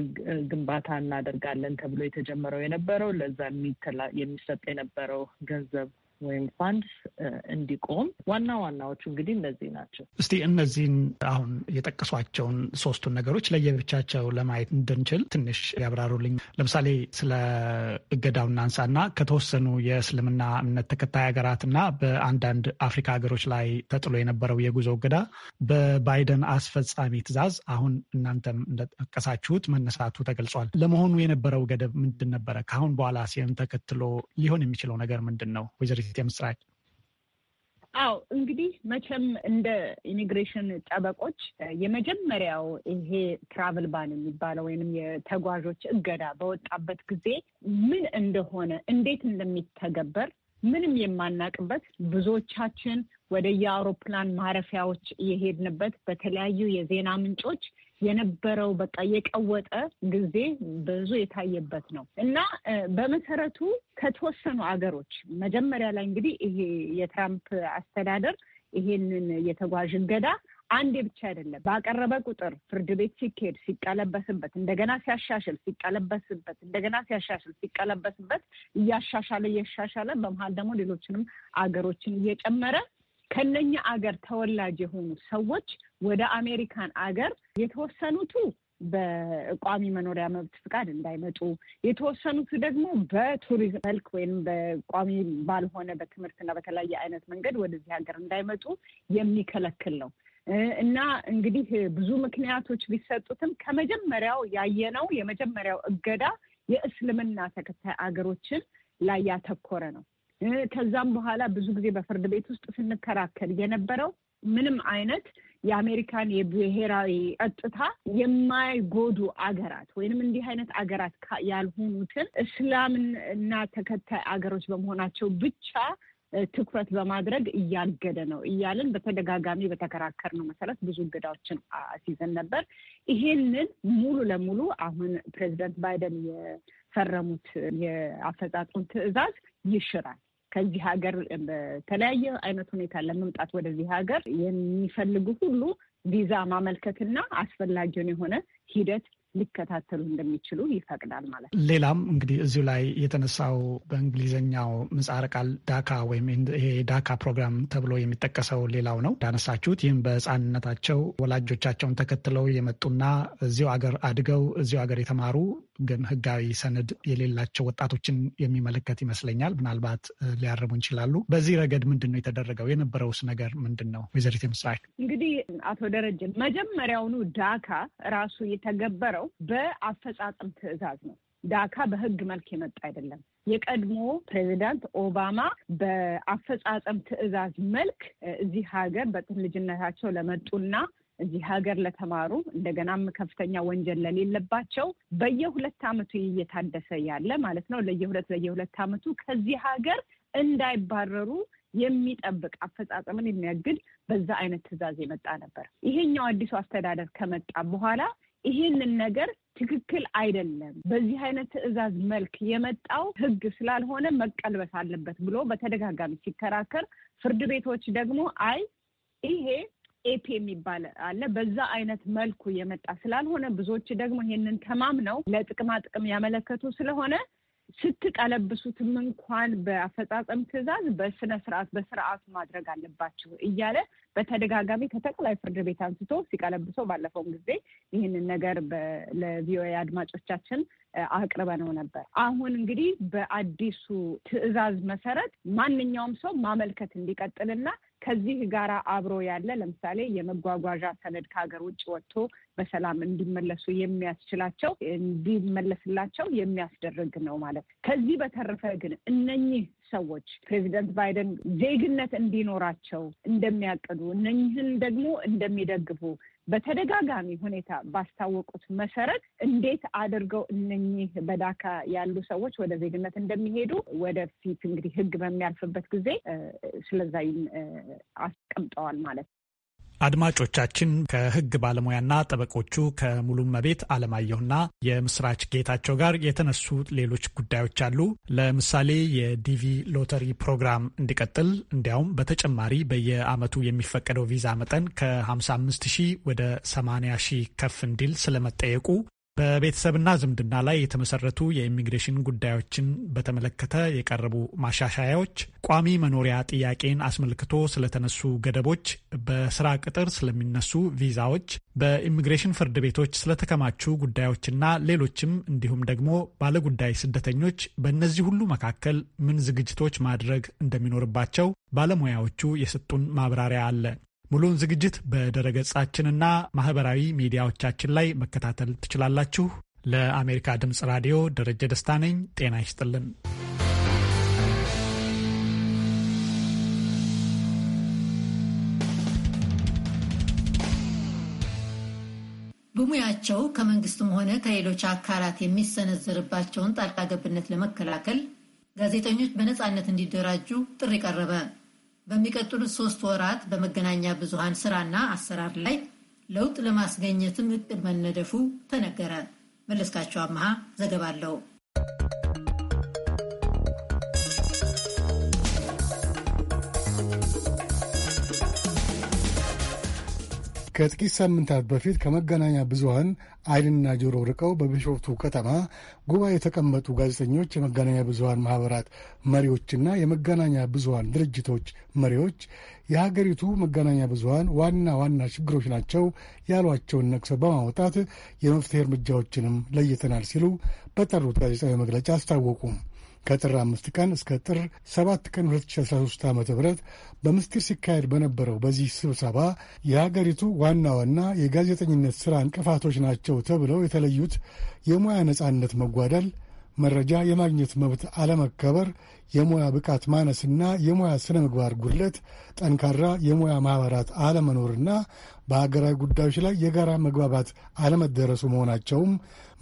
ግንባታ እናደርጋለን ተብሎ የተጀመረው የነበረው ለዛ የሚሰጥ የነበረው ገንዘብ ወይም ፋንድ እንዲቆም ዋና ዋናዎቹ እንግዲህ እነዚህ ናቸው። እስቲ እነዚህን አሁን የጠቀሷቸውን ሶስቱን ነገሮች ለየብቻቸው ለማየት እንድንችል ትንሽ ያብራሩልኝ። ለምሳሌ ስለ እገዳው እናንሳና ከተወሰኑ የእስልምና እምነት ተከታይ ሀገራትና በአንዳንድ አፍሪካ ሀገሮች ላይ ተጥሎ የነበረው የጉዞ እገዳ በባይደን አስፈጻሚ ትዕዛዝ አሁን እናንተም እንደጠቀሳችሁት መነሳቱ ተገልጿል። ለመሆኑ የነበረው ገደብ ምንድን ነበረ? ከአሁን በኋላ ሲም ተከትሎ ሊሆን የሚችለው ነገር ምንድን ነው? ወይዘሪት ወይዘሪት የምስራች? አው እንግዲህ መቼም እንደ ኢሚግሬሽን ጠበቆች የመጀመሪያው ይሄ ትራቭል ባን የሚባለው ወይም የተጓዦች እገዳ በወጣበት ጊዜ ምን እንደሆነ እንዴት እንደሚተገበር ምንም የማናቅበት ብዙዎቻችን ወደ የአውሮፕላን ማረፊያዎች የሄድንበት በተለያዩ የዜና ምንጮች የነበረው በቃ የቀወጠ ጊዜ ብዙ የታየበት ነው እና በመሰረቱ ከተወሰኑ አገሮች መጀመሪያ ላይ እንግዲህ ይሄ የትራምፕ አስተዳደር ይሄንን የተጓዥ እገዳ አንዴ ብቻ አይደለም ባቀረበ ቁጥር ፍርድ ቤት ሲካሄድ ሲቀለበስበት፣ እንደገና ሲያሻሽል ሲቀለበስበት፣ እንደገና ሲያሻሽል ሲቀለበስበት እያሻሻለ እያሻሻለ በመሀል ደግሞ ሌሎችንም አገሮችን እየጨመረ ከነኛ አገር ተወላጅ የሆኑ ሰዎች ወደ አሜሪካን አገር የተወሰኑቱ በቋሚ መኖሪያ መብት ፍቃድ እንዳይመጡ የተወሰኑት ደግሞ በቱሪዝም መልክ ወይም በቋሚ ባልሆነ በትምህርትና በተለያየ አይነት መንገድ ወደዚህ ሀገር እንዳይመጡ የሚከለክል ነው እና እንግዲህ ብዙ ምክንያቶች ቢሰጡትም ከመጀመሪያው ያየነው የመጀመሪያው እገዳ የእስልምና ተከታይ አገሮችን ላይ ያተኮረ ነው። ከዛም በኋላ ብዙ ጊዜ በፍርድ ቤት ውስጥ ስንከራከር የነበረው ምንም አይነት የአሜሪካን የብሔራዊ ጸጥታ የማይጎዱ አገራት ወይንም እንዲህ አይነት አገራት ያልሆኑትን እስላምና ተከታይ አገሮች በመሆናቸው ብቻ ትኩረት በማድረግ እያገደ ነው እያልን በተደጋጋሚ በተከራከርነው መሰረት ብዙ እገዳዎችን ሲዘን ነበር። ይሄንን ሙሉ ለሙሉ አሁን ፕሬዚደንት ባይደን የፈረሙት የአፈጻጸም ትዕዛዝ ይሽራል። ከዚህ ሀገር በተለያየ አይነት ሁኔታ ለመምጣት ወደዚህ ሀገር የሚፈልጉ ሁሉ ቪዛ ማመልከትና አስፈላጊውን የሆነ ሂደት ሊከታተሉ እንደሚችሉ ይፈቅዳል ማለት ነው። ሌላም እንግዲህ እዚሁ ላይ የተነሳው በእንግሊዝኛው ምጻረ ቃል ዳካ ወይም ይሄ ዳካ ፕሮግራም ተብሎ የሚጠቀሰው ሌላው ነው እንዳነሳችሁት። ይህም በህፃንነታቸው ወላጆቻቸውን ተከትለው የመጡና እዚሁ አገር አድገው እዚሁ አገር የተማሩ ግን ህጋዊ ሰነድ የሌላቸው ወጣቶችን የሚመለከት ይመስለኛል። ምናልባት ሊያርሙ ይችላሉ። በዚህ ረገድ ምንድን ነው የተደረገው? የነበረውስ ነገር ምንድን ነው? ወይዘሪት ምስራች። እንግዲህ አቶ ደረጀ መጀመሪያውኑ ዳካ ራሱ የተገበረው በአፈጻጸም ትዕዛዝ ነው። ዳካ በህግ መልክ የመጣ አይደለም። የቀድሞ ፕሬዚዳንት ኦባማ በአፈጻጸም ትዕዛዝ መልክ እዚህ ሀገር በጥን ልጅነታቸው ለመጡና እዚህ ሀገር ለተማሩ እንደገናም ከፍተኛ ወንጀል ለሌለባቸው በየሁለት ዓመቱ እየታደሰ ያለ ማለት ነው። ለየሁለት ለየሁለት አመቱ ከዚህ ሀገር እንዳይባረሩ የሚጠብቅ አፈጻጸምን የሚያግድ በዛ አይነት ትዕዛዝ የመጣ ነበር። ይሄኛው አዲሱ አስተዳደር ከመጣ በኋላ ይሄንን ነገር ትክክል አይደለም፣ በዚህ አይነት ትዕዛዝ መልክ የመጣው ህግ ስላልሆነ መቀልበስ አለበት ብሎ በተደጋጋሚ ሲከራከር፣ ፍርድ ቤቶች ደግሞ አይ ይሄ ኤፕ የሚባል አለ። በዛ አይነት መልኩ የመጣ ስላልሆነ ብዙዎች ደግሞ ይሄንን ተማምነው ለጥቅማ ጥቅም ያመለከቱ ስለሆነ ስትቀለብሱትም እንኳን በአፈጻጸም ትዕዛዝ በስነ ስርዓት በስርዓቱ ማድረግ አለባችሁ እያለ በተደጋጋሚ ከጠቅላይ ፍርድ ቤት አንስቶ ሲቀለብሰው ባለፈውም ጊዜ ይህንን ነገር ለቪኦኤ አድማጮቻችን አቅርበነው ነበር። አሁን እንግዲህ በአዲሱ ትዕዛዝ መሰረት ማንኛውም ሰው ማመልከት እንዲቀጥልና ከዚህ ጋር አብሮ ያለ ለምሳሌ የመጓጓዣ ሰነድ ከሀገር ውጭ ወጥቶ በሰላም እንዲመለሱ የሚያስችላቸው እንዲመለስላቸው የሚያስደርግ ነው ማለት። ከዚህ በተረፈ ግን እነኚህ ሰዎች ፕሬዚደንት ባይደን ዜግነት እንዲኖራቸው እንደሚያቅዱ እነኚህን ደግሞ እንደሚደግፉ በተደጋጋሚ ሁኔታ ባስታወቁት መሰረት እንዴት አድርገው እነኚህ በዳካ ያሉ ሰዎች ወደ ዜግነት እንደሚሄዱ ወደፊት እንግዲህ ህግ በሚያልፍበት ጊዜ ስለዛይን አስቀምጠዋል ማለት ነው። አድማጮቻችን ከህግ ባለሙያና ጠበቆቹ መቤት አለማየሁና የምስራች ጌታቸው ጋር የተነሱ ሌሎች ጉዳዮች አሉ። ለምሳሌ የዲቪ ሎተሪ ፕሮግራም እንዲቀጥል እንዲያውም በተጨማሪ በየአመቱ የሚፈቀደው ቪዛ መጠን ከ55 ሺህ ወደ 80 ሺህ ከፍ እንዲል ስለመጠየቁ በቤተሰብና ዝምድና ላይ የተመሰረቱ የኢሚግሬሽን ጉዳዮችን በተመለከተ የቀረቡ ማሻሻያዎች፣ ቋሚ መኖሪያ ጥያቄን አስመልክቶ ስለተነሱ ገደቦች፣ በስራ ቅጥር ስለሚነሱ ቪዛዎች፣ በኢሚግሬሽን ፍርድ ቤቶች ስለተከማቹ ጉዳዮችና ሌሎችም እንዲሁም ደግሞ ባለጉዳይ ስደተኞች በእነዚህ ሁሉ መካከል ምን ዝግጅቶች ማድረግ እንደሚኖርባቸው ባለሙያዎቹ የሰጡን ማብራሪያ አለ። ሙሉውን ዝግጅት በድረገጻችንና ማህበራዊ ሚዲያዎቻችን ላይ መከታተል ትችላላችሁ። ለአሜሪካ ድምፅ ራዲዮ ደረጀ ደስታ ነኝ። ጤና ይስጥልን። በሙያቸው ከመንግስትም ሆነ ከሌሎች አካላት የሚሰነዘርባቸውን ጣልቃ ገብነት ለመከላከል ጋዜጠኞች በነፃነት እንዲደራጁ ጥሪ ቀረበ። በሚቀጥሉት ሶስት ወራት በመገናኛ ብዙሃን ስራና አሰራር ላይ ለውጥ ለማስገኘትም እቅድ መነደፉ ተነገረ። መለስካቸው አመሃ ዘገባ አለው። ከጥቂት ሳምንታት በፊት ከመገናኛ ብዙሀን ዓይንና ጆሮ ርቀው በቢሾፍቱ ከተማ ጉባኤ የተቀመጡ ጋዜጠኞች፣ የመገናኛ ብዙሀን ማህበራት መሪዎችና የመገናኛ ብዙሀን ድርጅቶች መሪዎች የሀገሪቱ መገናኛ ብዙሀን ዋና ዋና ችግሮች ናቸው ያሏቸውን ነቅሰው በማውጣት የመፍትሄ እርምጃዎችንም ለይተናል ሲሉ በጠሩት ጋዜጣዊ መግለጫ አስታወቁም። ከጥር አምስት ቀን እስከ ጥር ሰባት ቀን 2013 ዓ ም በምስጢር ሲካሄድ በነበረው በዚህ ስብሰባ የሀገሪቱ ዋና ዋና የጋዜጠኝነት ሥራ እንቅፋቶች ናቸው ተብለው የተለዩት የሙያ ነጻነት መጓደል መረጃ የማግኘት መብት አለመከበር፣ የሙያ ብቃት ማነስና የሙያ ስነ ምግባር ጉድለት፣ ጠንካራ የሙያ ማኅበራት አለመኖርና በሀገራዊ ጉዳዮች ላይ የጋራ መግባባት አለመደረሱ መሆናቸውም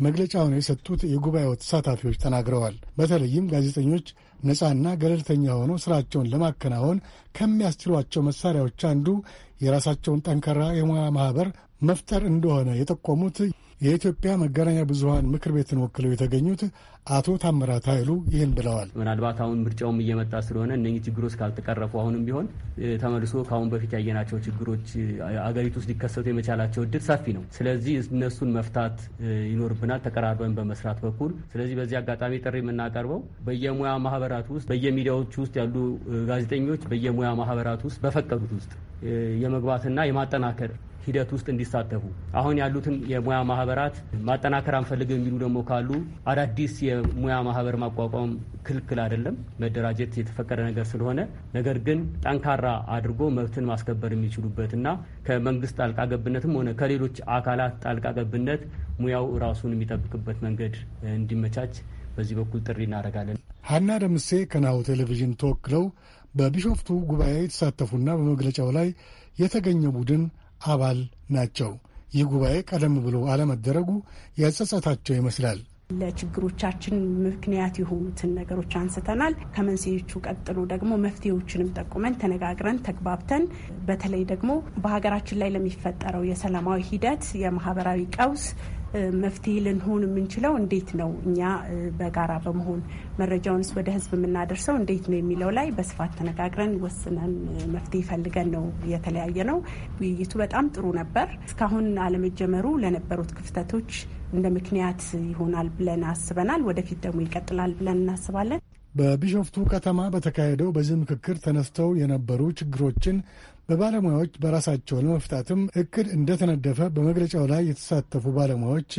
መግለጫውን የሰጡት የጉባኤው ተሳታፊዎች ተናግረዋል። በተለይም ጋዜጠኞች ነፃና ገለልተኛ ሆነው ስራቸውን ለማከናወን ከሚያስችሏቸው መሳሪያዎች አንዱ የራሳቸውን ጠንካራ የሙያ ማህበር መፍጠር እንደሆነ የጠቆሙት የኢትዮጵያ መገናኛ ብዙኃን ምክር ቤትን ወክለው የተገኙት አቶ ታምራት ኃይሉ ይህን ብለዋል። ምናልባት አሁን ምርጫውም እየመጣ ስለሆነ እነህ ችግሮች ካልተቀረፉ አሁንም ቢሆን ተመልሶ ከአሁን በፊት ያየናቸው ችግሮች አገሪቱ ውስጥ ሊከሰቱ የመቻላቸው እድል ሰፊ ነው። ስለዚህ እነሱን መፍታት ይኖርብናል ተቀራርበን በመስራት በኩል። ስለዚህ በዚህ አጋጣሚ ጥሪ የምናቀርበው በየሙያ ማህበራት ውስጥ በየሚዲያዎች ውስጥ ያሉ ጋዜጠኞች በየሙያ የሙያ ማህበራት ውስጥ በፈቀዱት ውስጥ የመግባትና የማጠናከር ሂደት ውስጥ እንዲሳተፉ አሁን ያሉትን የሙያ ማህበራት ማጠናከር አንፈልግም የሚሉ ደግሞ ካሉ አዳዲስ የሙያ ማህበር ማቋቋም ክልክል አይደለም። መደራጀት የተፈቀደ ነገር ስለሆነ ነገር ግን ጠንካራ አድርጎ መብትን ማስከበር የሚችሉበትና ከመንግስት ጣልቃ ገብነትም ሆነ ከሌሎች አካላት ጣልቃ ገብነት ሙያው ራሱን የሚጠብቅበት መንገድ እንዲመቻች በዚህ በኩል ጥሪ እናደርጋለን። ሀና ደምሴ ከናሁ ቴሌቪዥን ተወክለው በቢሾፍቱ ጉባኤ የተሳተፉና በመግለጫው ላይ የተገኘ ቡድን አባል ናቸው። ይህ ጉባኤ ቀደም ብሎ አለመደረጉ ያጸጸታቸው ይመስላል። ለችግሮቻችን ምክንያት የሆኑትን ነገሮች አንስተናል። ከመንስኤዎቹ ቀጥሎ ደግሞ መፍትሄዎችንም ጠቁመን ተነጋግረን ተግባብተን በተለይ ደግሞ በሀገራችን ላይ ለሚፈጠረው የሰላማዊ ሂደት የማህበራዊ ቀውስ መፍትሄ ልንሆን የምንችለው እንዴት ነው እኛ በጋራ በመሆን መረጃውንስ ወደ ህዝብ የምናደርሰው እንዴት ነው የሚለው ላይ በስፋት ተነጋግረን ወስነን መፍትሄ ፈልገን ነው የተለያየ ነው። ውይይቱ በጣም ጥሩ ነበር። እስካሁን አለመጀመሩ ለነበሩት ክፍተቶች እንደ ምክንያት ይሆናል ብለን አስበናል። ወደፊት ደግሞ ይቀጥላል ብለን እናስባለን። በቢሾፍቱ ከተማ በተካሄደው በዚህ ምክክር ተነስተው የነበሩ ችግሮችን በባለሙያዎች በራሳቸው ለመፍታትም እቅድ እንደተነደፈ በመግለጫው ላይ የተሳተፉ ባለሙያዎች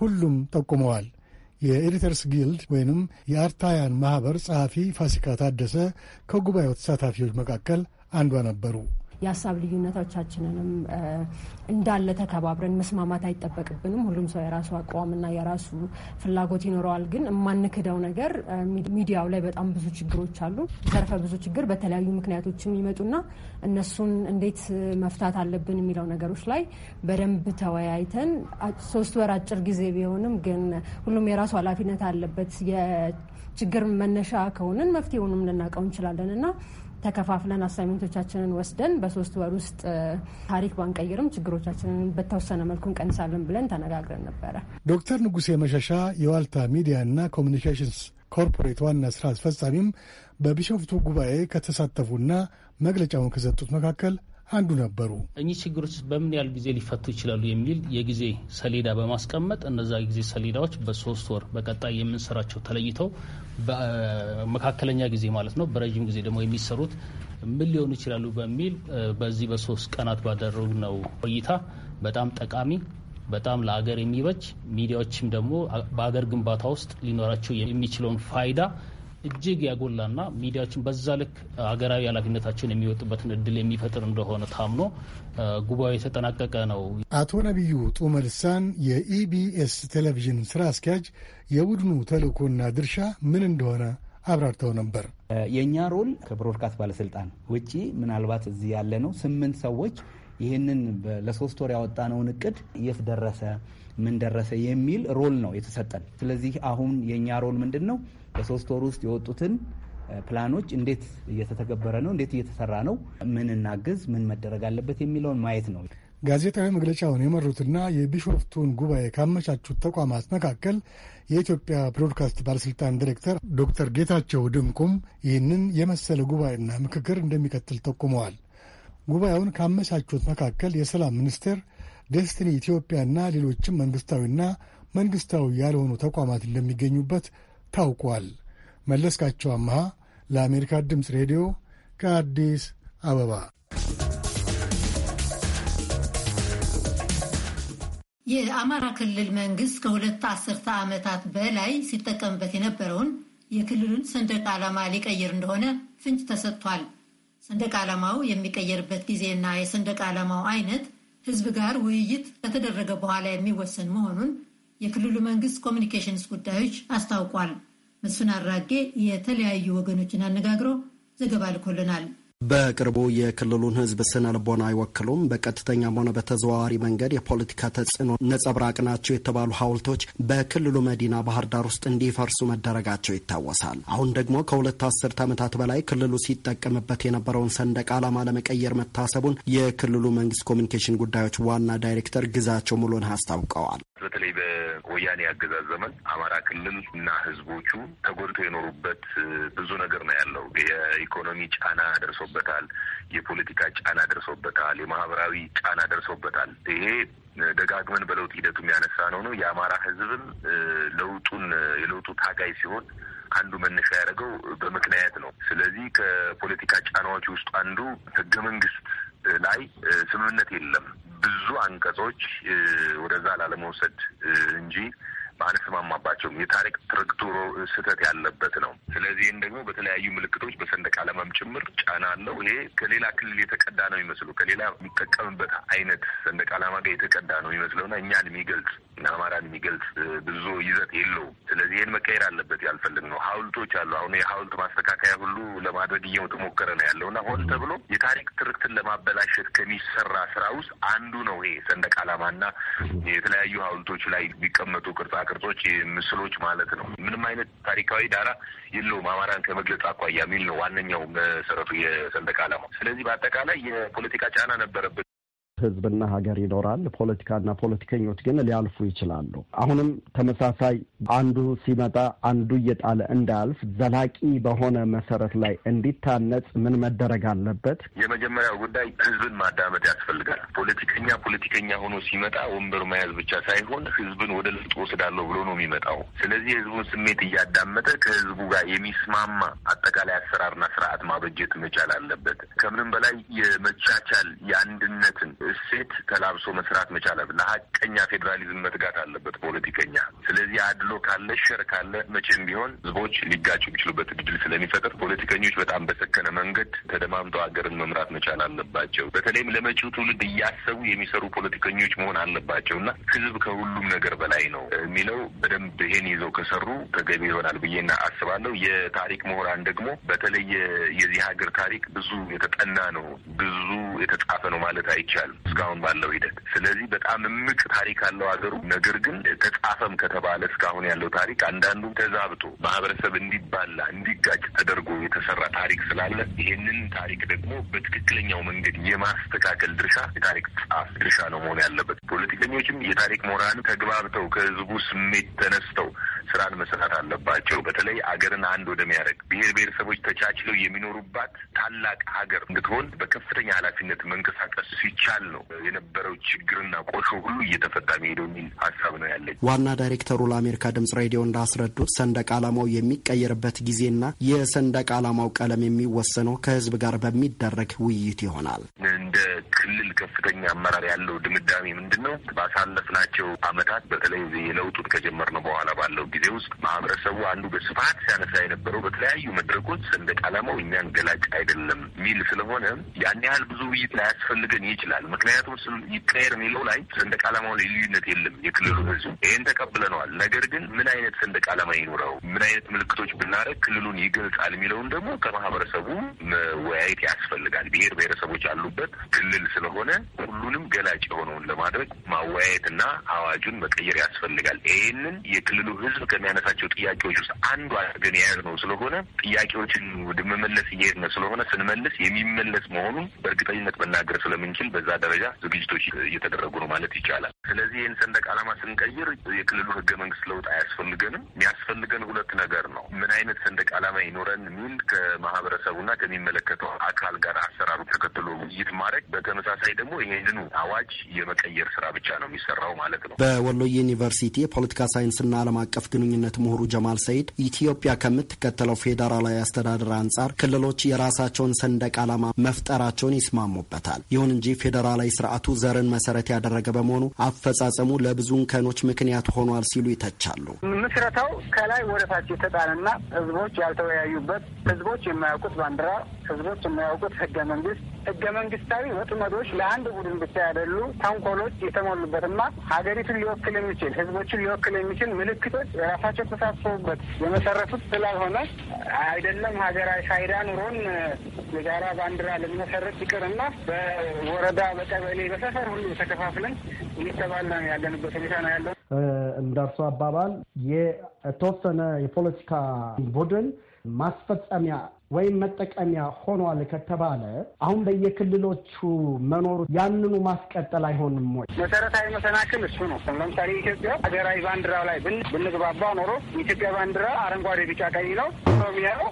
ሁሉም ጠቁመዋል። የኤዲተርስ ጊልድ ወይንም የአርታያን ማህበር ጸሐፊ ፋሲካ ታደሰ ከጉባኤው ተሳታፊዎች መካከል አንዷ ነበሩ። የሀሳብ ልዩነቶቻችንንም እንዳለ ተከባብረን መስማማት አይጠበቅብንም። ሁሉም ሰው የራሱ አቋምና የራሱ ፍላጎት ይኖረዋል። ግን የማንክደው ነገር ሚዲያው ላይ በጣም ብዙ ችግሮች አሉ። ዘርፈ ብዙ ችግር በተለያዩ ምክንያቶችም ይመጡና እነሱን እንዴት መፍታት አለብን የሚለው ነገሮች ላይ በደንብ ተወያይተን ሶስት ወር አጭር ጊዜ ቢሆንም ግን ሁሉም የራሱ ኃላፊነት አለበት። የችግር መነሻ ከሆንን መፍትሄውንም ልናውቀው እንችላለን እና ተከፋፍለን አሳይመንቶቻችንን ወስደን በሶስት ወር ውስጥ ታሪክ ባንቀይርም ችግሮቻችንን በተወሰነ መልኩ እንቀንሳለን ብለን ተነጋግረን ነበረ። ዶክተር ንጉሴ መሸሻ የዋልታ ሚዲያና ኮሚኒኬሽንስ ኮርፖሬት ዋና ስራ አስፈጻሚም በቢሾፍቱ ጉባኤ ከተሳተፉና መግለጫውን ከሰጡት መካከል አንዱ ነበሩ። እኚህ ችግሮች በምን ያህል ጊዜ ሊፈቱ ይችላሉ የሚል የጊዜ ሰሌዳ በማስቀመጥ እነዛ ጊዜ ሰሌዳዎች በሶስት ወር በቀጣይ የምንሰራቸው ተለይተው በመካከለኛ ጊዜ ማለት ነው፣ በረዥም ጊዜ ደግሞ የሚሰሩት ምን ሊሆኑ ይችላሉ በሚል በዚህ በሶስት ቀናት ባደረግነው ቆይታ በጣም ጠቃሚ በጣም ለአገር የሚበጅ ሚዲያዎችም ደግሞ በአገር ግንባታ ውስጥ ሊኖራቸው የሚችለውን ፋይዳ እጅግ ያጎላና ሚዲያችን በዛ ልክ ሀገራዊ ኃላፊነታቸውን የሚወጡበትን እድል የሚፈጥር እንደሆነ ታምኖ ጉባኤ የተጠናቀቀ ነው። አቶ ነቢዩ ጡመልሳን የኢቢኤስ ቴሌቪዥን ስራ አስኪያጅ የቡድኑ ተልእኮና ድርሻ ምን እንደሆነ አብራርተው ነበር። የእኛ ሮል ከብሮድካስት ባለስልጣን ውጪ ምናልባት እዚህ ያለ ነው ስምንት ሰዎች ይህንን ለሶስት ወር ያወጣነውን እቅድ የት ደረሰ፣ ምን ደረሰ የሚል ሮል ነው የተሰጠን። ስለዚህ አሁን የእኛ ሮል ምንድን ነው? በሶስት ወር ውስጥ የወጡትን ፕላኖች እንዴት እየተተገበረ ነው፣ እንዴት እየተሰራ ነው፣ ምን እናግዝ፣ ምን መደረግ አለበት የሚለውን ማየት ነው። ጋዜጣዊ መግለጫውን የመሩትና የቢሾፍቱን ጉባኤ ካመቻቹት ተቋማት መካከል የኢትዮጵያ ብሮድካስት ባለስልጣን ዲሬክተር ዶክተር ጌታቸው ድንቁም ይህንን የመሰለ ጉባኤና ምክክር እንደሚቀጥል ጠቁመዋል። ጉባኤውን ካመቻቹት መካከል የሰላም ሚኒስቴር፣ ደስትኒ ኢትዮጵያና ሌሎችም መንግስታዊና መንግስታዊ ያልሆኑ ተቋማት እንደሚገኙበት ታውቋል። መለስካቸው አምሃ ለአሜሪካ ድምፅ ሬዲዮ ከአዲስ አበባ። የአማራ ክልል መንግስት ከሁለት አስርተ ዓመታት በላይ ሲጠቀምበት የነበረውን የክልሉን ሰንደቅ ዓላማ ሊቀይር እንደሆነ ፍንጭ ተሰጥቷል። ሰንደቅ ዓላማው የሚቀየርበት ጊዜና የሰንደቅ ዓላማው አይነት ህዝብ ጋር ውይይት ከተደረገ በኋላ የሚወሰን መሆኑን የክልሉ መንግስት ኮሚኒኬሽንስ ጉዳዮች አስታውቋል። መስፍን አራጌ የተለያዩ ወገኖችን አነጋግሮ ዘገባ ልኮልናል። በቅርቡ የክልሉን ሕዝብ ስነ ልቦና አይወክሉም፣ በቀጥተኛም ሆነ በተዘዋዋሪ መንገድ የፖለቲካ ተጽዕኖ ነጸብራቅ ናቸው የተባሉ ሐውልቶች በክልሉ መዲና ባህር ዳር ውስጥ እንዲፈርሱ መደረጋቸው ይታወሳል። አሁን ደግሞ ከሁለት አስርት ዓመታት በላይ ክልሉ ሲጠቀምበት የነበረውን ሰንደቅ ዓላማ ለመቀየር መታሰቡን የክልሉ መንግስት ኮሚኒኬሽን ጉዳዮች ዋና ዳይሬክተር ግዛቸው ሙሉነህ አስታውቀዋል። በተለይ በወያኔ አገዛዝ ዘመን አማራ ክልል እና ህዝቦቹ ተጎድቶ የኖሩበት ብዙ ነገር ነው ያለው። የኢኮኖሚ ጫና ደርሶበታል። የፖለቲካ ጫና ደርሶበታል። የማህበራዊ ጫና ደርሶበታል። ይሄ ደጋግመን በለውጥ ሂደቱ የሚያነሳ ነው ነው የአማራ ህዝብም ለውጡን የለውጡ ታጋይ ሲሆን አንዱ መነሻ ያደረገው በምክንያት ነው። ስለዚህ ከፖለቲካ ጫናዎች ውስጥ አንዱ ህገ መንግስት ላይ ስምምነት የለም። ብዙ አንቀጾች ወደዛ ላለመውሰድ እንጂ አልስማማባቸውም። የታሪክ ትርክቱሮ ስህተት ያለበት ነው። ስለዚህ ደግሞ በተለያዩ ምልክቶች በሰንደቅ ዓላማም ጭምር ጫና አለው። ይሄ ከሌላ ክልል የተቀዳ ነው የሚመስሉ ከሌላ የሚጠቀምበት አይነት ሰንደቅ ዓላማ ጋር የተቀዳ ነው የሚመስለውና እኛን የሚገልጽ አማራን የሚገልጽ ብዙ ይዘት የለውም። ስለዚህ ይህን መቀየር አለበት ያልፈልግ ነው። ሀውልቶች አሉ። አሁን የሀውልት ማስተካከያ ሁሉ ለማድረግ እየተሞከረ ነው ያለው እና ሆን ተብሎ የታሪክ ትርክትን ለማበላሸት ከሚሰራ ስራ ውስጥ አንዱ ነው ይሄ ሰንደቅ ዓላማና የተለያዩ ሀውልቶች ላይ የሚቀመጡ ቅርጻ ቅርጾች፣ ምስሎች ማለት ነው። ምንም አይነት ታሪካዊ ዳራ የለውም አማራን ከመግለጽ አኳያ የሚል ነው ዋነኛው መሰረቱ የሰንደቅ ዓላማው። ስለዚህ በአጠቃላይ የፖለቲካ ጫና ነበረበት። ህዝብና ሀገር ይኖራል። ፖለቲካና ፖለቲከኞች ግን ሊያልፉ ይችላሉ። አሁንም ተመሳሳይ አንዱ ሲመጣ አንዱ እየጣለ እንዳያልፍ ዘላቂ በሆነ መሰረት ላይ እንዲታነጽ ምን መደረግ አለበት? የመጀመሪያው ጉዳይ ህዝብን ማዳመጥ ያስፈልጋል። ፖለቲከኛ ፖለቲከኛ ሆኖ ሲመጣ ወንበር መያዝ ብቻ ሳይሆን ህዝብን ወደ ለውጥ ወስዳለሁ ብሎ ነው የሚመጣው። ስለዚህ የህዝቡን ስሜት እያዳመጠ ከህዝቡ ጋር የሚስማማ አጠቃላይ አሰራርና ስርዓት ማበጀት መቻል አለበት። ከምንም በላይ የመቻቻል የአንድነትን እሴት ተላብሶ መስራት መቻል አለ። ለሀቀኛ ፌዴራሊዝም መትጋት አለበት ፖለቲከኛ። ስለዚህ አድሎ ካለ ሸር ካለ መቼም ቢሆን ህዝቦች ሊጋጩ የሚችሉበት እድል ስለሚፈጥር ፖለቲከኞች በጣም በሰከነ መንገድ ተደማምጠው ሀገርን መምራት መቻል አለባቸው። በተለይም ለመጪው ትውልድ እያሰቡ የሚሰሩ ፖለቲከኞች መሆን አለባቸው እና ህዝብ ከሁሉም ነገር በላይ ነው የሚለው በደንብ ይሄን ይዘው ከሰሩ ተገቢ ይሆናል ብዬና አስባለሁ። የታሪክ ምሁራን ደግሞ በተለየ የዚህ ሀገር ታሪክ ብዙ የተጠና ነው፣ ብዙ የተጻፈ ነው ማለት አይቻልም። እስካሁን ባለው ሂደት። ስለዚህ በጣም እምቅ ታሪክ አለው ሀገሩ። ነገር ግን ተጻፈም ከተባለ እስካሁን ያለው ታሪክ አንዳንዱም ተዛብቶ ማህበረሰብ እንዲባላ እንዲጋጭ ተደርጎ የተሰራ ታሪክ ስላለ ይህንን ታሪክ ደግሞ በትክክለኛው መንገድ የማስተካከል ድርሻ የታሪክ ጻፍ ድርሻ ነው መሆን ያለበት። ፖለቲከኞችም የታሪክ ምሁራን ተግባብተው ከህዝቡ ስሜት ተነስተው ስራን መስራት አለባቸው። በተለይ አገርን አንድ ወደሚያደርግ ብሔር ብሔረሰቦች ተቻችለው የሚኖሩባት ታላቅ ሀገር እንድትሆን በከፍተኛ ኃላፊነት መንቀሳቀስ ሲቻል ነው የነበረው ችግርና ቆሾ ሁሉ እየተፈታ ሄደው የሚል ሀሳብ ነው ያለኝ። ዋና ዳይሬክተሩ ለአሜሪካ ድምጽ ሬዲዮ እንዳስረዱት ሰንደቅ ዓላማው የሚቀየርበት ጊዜና የሰንደቅ ዓላማው ቀለም የሚወሰነው ከህዝብ ጋር በሚደረግ ውይይት ይሆናል። እንደ ክልል ከፍተኛ አመራር ያለው ድምዳሜ ምንድን ነው? ባሳለፍናቸው አመታት በተለይ የለውጡን ከጀመርነው በኋላ ባለው ጊዜ ውስጥ ማህበረሰቡ አንዱ በስፋት ሲያነሳ የነበረው በተለያዩ መድረኮች ሰንደቅ ዓላማው እኛን ገላጭ አይደለም የሚል ስለሆነ ያን ያህል ብዙ ውይይት ላያስፈልገን ይችላል። ምክንያቱም ስም ይቀየር የሚለው ላይ ሰንደቅ ዓላማው ላይ ልዩነት የለም። የክልሉ ህዝብ ይህን ተቀብለነዋል። ነገር ግን ምን አይነት ሰንደቅ ዓላማ ይኑረው፣ ምን አይነት ምልክቶች ብናደረግ ክልሉን ይገልጻል የሚለውን ደግሞ ከማህበረሰቡ መወያየት ያስፈልጋል። ብሔር ብሔረሰቦች ያሉበት ክልል ስለሆነ ሁሉንም ገላጭ የሆነውን ለማድረግ ማወያየትና አዋጁን መቀየር ያስፈልጋል። ይህንን የክልሉ ህዝብ ከሚያነሳቸው ጥያቄዎች ውስጥ አንዱ አድርገን የያዝነው ስለሆነ ጥያቄዎችን ወደ መመለስ እየሄድን ስለሆነ ስንመልስ የሚመለስ መሆኑን በእርግጠኝነት መናገር ስለምንችል በዛ ደረጃ ዝግጅቶች እየተደረጉ ነው ማለት ይቻላል። ስለዚህ ይህን ሰንደቅ ዓላማ ስንቀይር የክልሉ ህገ መንግስት ለውጥ አያስፈልገንም። የሚያስፈልገን ሁለት ነገር ነው። ምን አይነት ሰንደቅ ዓላማ ይኖረን የሚል ከማህበረሰቡና ከሚመለከተው አካል ጋር አሰራሩ ተከትሎ ውይይት ማድረግ፣ በተመሳሳይ ደግሞ ይህንኑ አዋጅ የመቀየር ስራ ብቻ ነው የሚሰራው ማለት ነው። በወሎ ዩኒቨርሲቲ የፖለቲካ ሳይንስና ዓለም አቀፍ ግንኙነት ምሁሩ ጀማል ሰይድ ኢትዮጵያ ከምትከተለው ፌዴራላዊ አስተዳደር አንጻር ክልሎች የራሳቸውን ሰንደቅ ዓላማ መፍጠራቸውን ይስማሙበታል። ይሁን እንጂ ፌዴራል ላይ ስርዓቱ ዘርን መሰረት ያደረገ በመሆኑ አፈጻጸሙ ለብዙ እንከኖች ምክንያት ሆኗል ሲሉ ይተቻሉ። ምስረታው ከላይ ወደታች የተጣለና ህዝቦች ያልተወያዩበት፣ ህዝቦች የማያውቁት ባንዲራ፣ ህዝቦች የማያውቁት ህገ መንግስት ህገ መንግስታዊ ወጥመዶች ለአንድ ቡድን ብቻ ያደሉ ተንኮሎች የተሞሉበትና ሀገሪቱን ሊወክል የሚችል ህዝቦችን ሊወክል የሚችል ምልክቶች የራሳቸው ተሳሰቡበት የመሰረቱት ስላልሆነ አይደለም ሀገራዊ ፋይዳ ኑሮን የጋራ ባንዲራ ልንመሰረት ይቅርና በወረዳ በቀበሌ በሰፈር ሁሉ ተከፋፍለን እየተባለን ያለንበት ሁኔታ ነው ያለው። እንዳርሶ አባባል የተወሰነ የፖለቲካ ቡድን ማስፈጸሚያ ወይም መጠቀሚያ ሆኗል ከተባለ አሁን በየክልሎቹ መኖሩ ያንኑ ማስቀጠል አይሆንም ወይ? መሰረታዊ መሰናክል እሱ ነው። ለምሳሌ ኢትዮጵያ ሀገራዊ ባንዲራው ላይ ብንግባባ ኖሮ የኢትዮጵያ ባንዲራ አረንጓዴ፣ ቢጫ፣ ቀይ ነው። ኦሮሚያው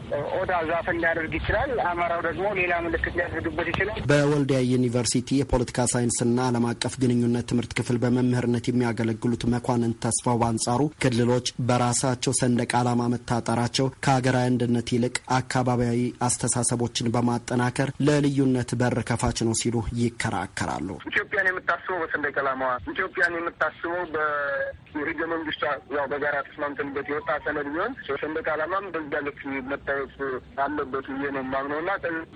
ኦዳ ዛፍ እንዲያደርግ ይችላል። አማራው ደግሞ ሌላ ምልክት ሊያደርግበት ይችላል። በወልዲያ ዩኒቨርሲቲ የፖለቲካ ሳይንስና ዓለም አቀፍ ግንኙነት ትምህርት ክፍል በመምህርነት የሚያገለግሉት መኳንንት ተስፋው በአንጻሩ ክልሎች በራሳቸው ሰንደቅ ዓላማ መታጠራቸው ከሀገራዊ አንድነት ይልቅ አካባቢ ማህበራዊ አስተሳሰቦችን በማጠናከር ለልዩነት በር ከፋች ነው ሲሉ ይከራከራሉ። ኢትዮጵያን የምታስበው በሰንደቅ ዓላማዋ፣ ኢትዮጵያን የምታስበው በህገ መንግስቷ ያው በጋራ ተስማምተንበት የወጣ ሰነድ ቢሆን ሰንደቅ ዓላማም በዛ ልክ መታየት አለበት ብዬ ነው የማምነው እና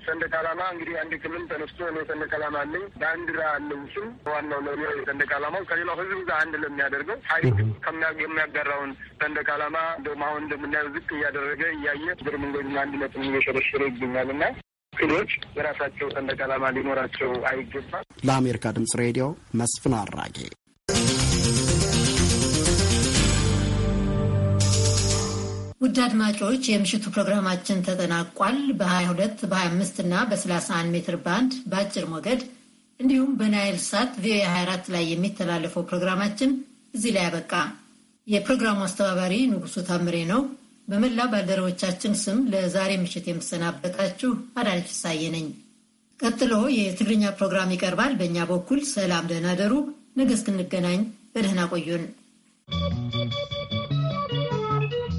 ሰንደቅ ዓላማ እንግዲህ አንድ ክልል ተነስቶ እኔ ሰንደቅ ዓላማ አለኝ ባንዲራ አለኝ ስም ዋናው ለ ሰንደቅ ዓላማው ከሌላው ህዝብ ጋር አንድ ለሚያደርገው ሀይል የሚያጋራውን ሰንደቅ ዓላማ እንደውም አሁን እንደምናየው ዝቅ እያደረገ እያየ ብርምንጎኝ አንድነት የሚሄ እየሸረሸረ ይገኛል እና ክሎች የራሳቸው ሰንደቅ ዓላማ ሊኖራቸው አይገባል። ለአሜሪካ ድምጽ ሬዲዮ መስፍን አራጌ። ውድ አድማጮች የምሽቱ ፕሮግራማችን ተጠናቋል። በ22 በ25 እና በ31 ሜትር ባንድ በአጭር ሞገድ እንዲሁም በናይል ሳት ቪኦኤ 24 ላይ የሚተላለፈው ፕሮግራማችን እዚህ ላይ ያበቃ። የፕሮግራሙ አስተባባሪ ንጉሱ ታምሬ ነው። በመላ ባልደረቦቻችን ስም ለዛሬ ምሽት የምሰናበታችሁ አዳነች ፍስሐዬ ነኝ። ቀጥሎ የትግርኛ ፕሮግራም ይቀርባል። በእኛ በኩል ሰላም፣ ደህና ደሩ። ነገ እስክንገናኝ በደህና ቆዩን።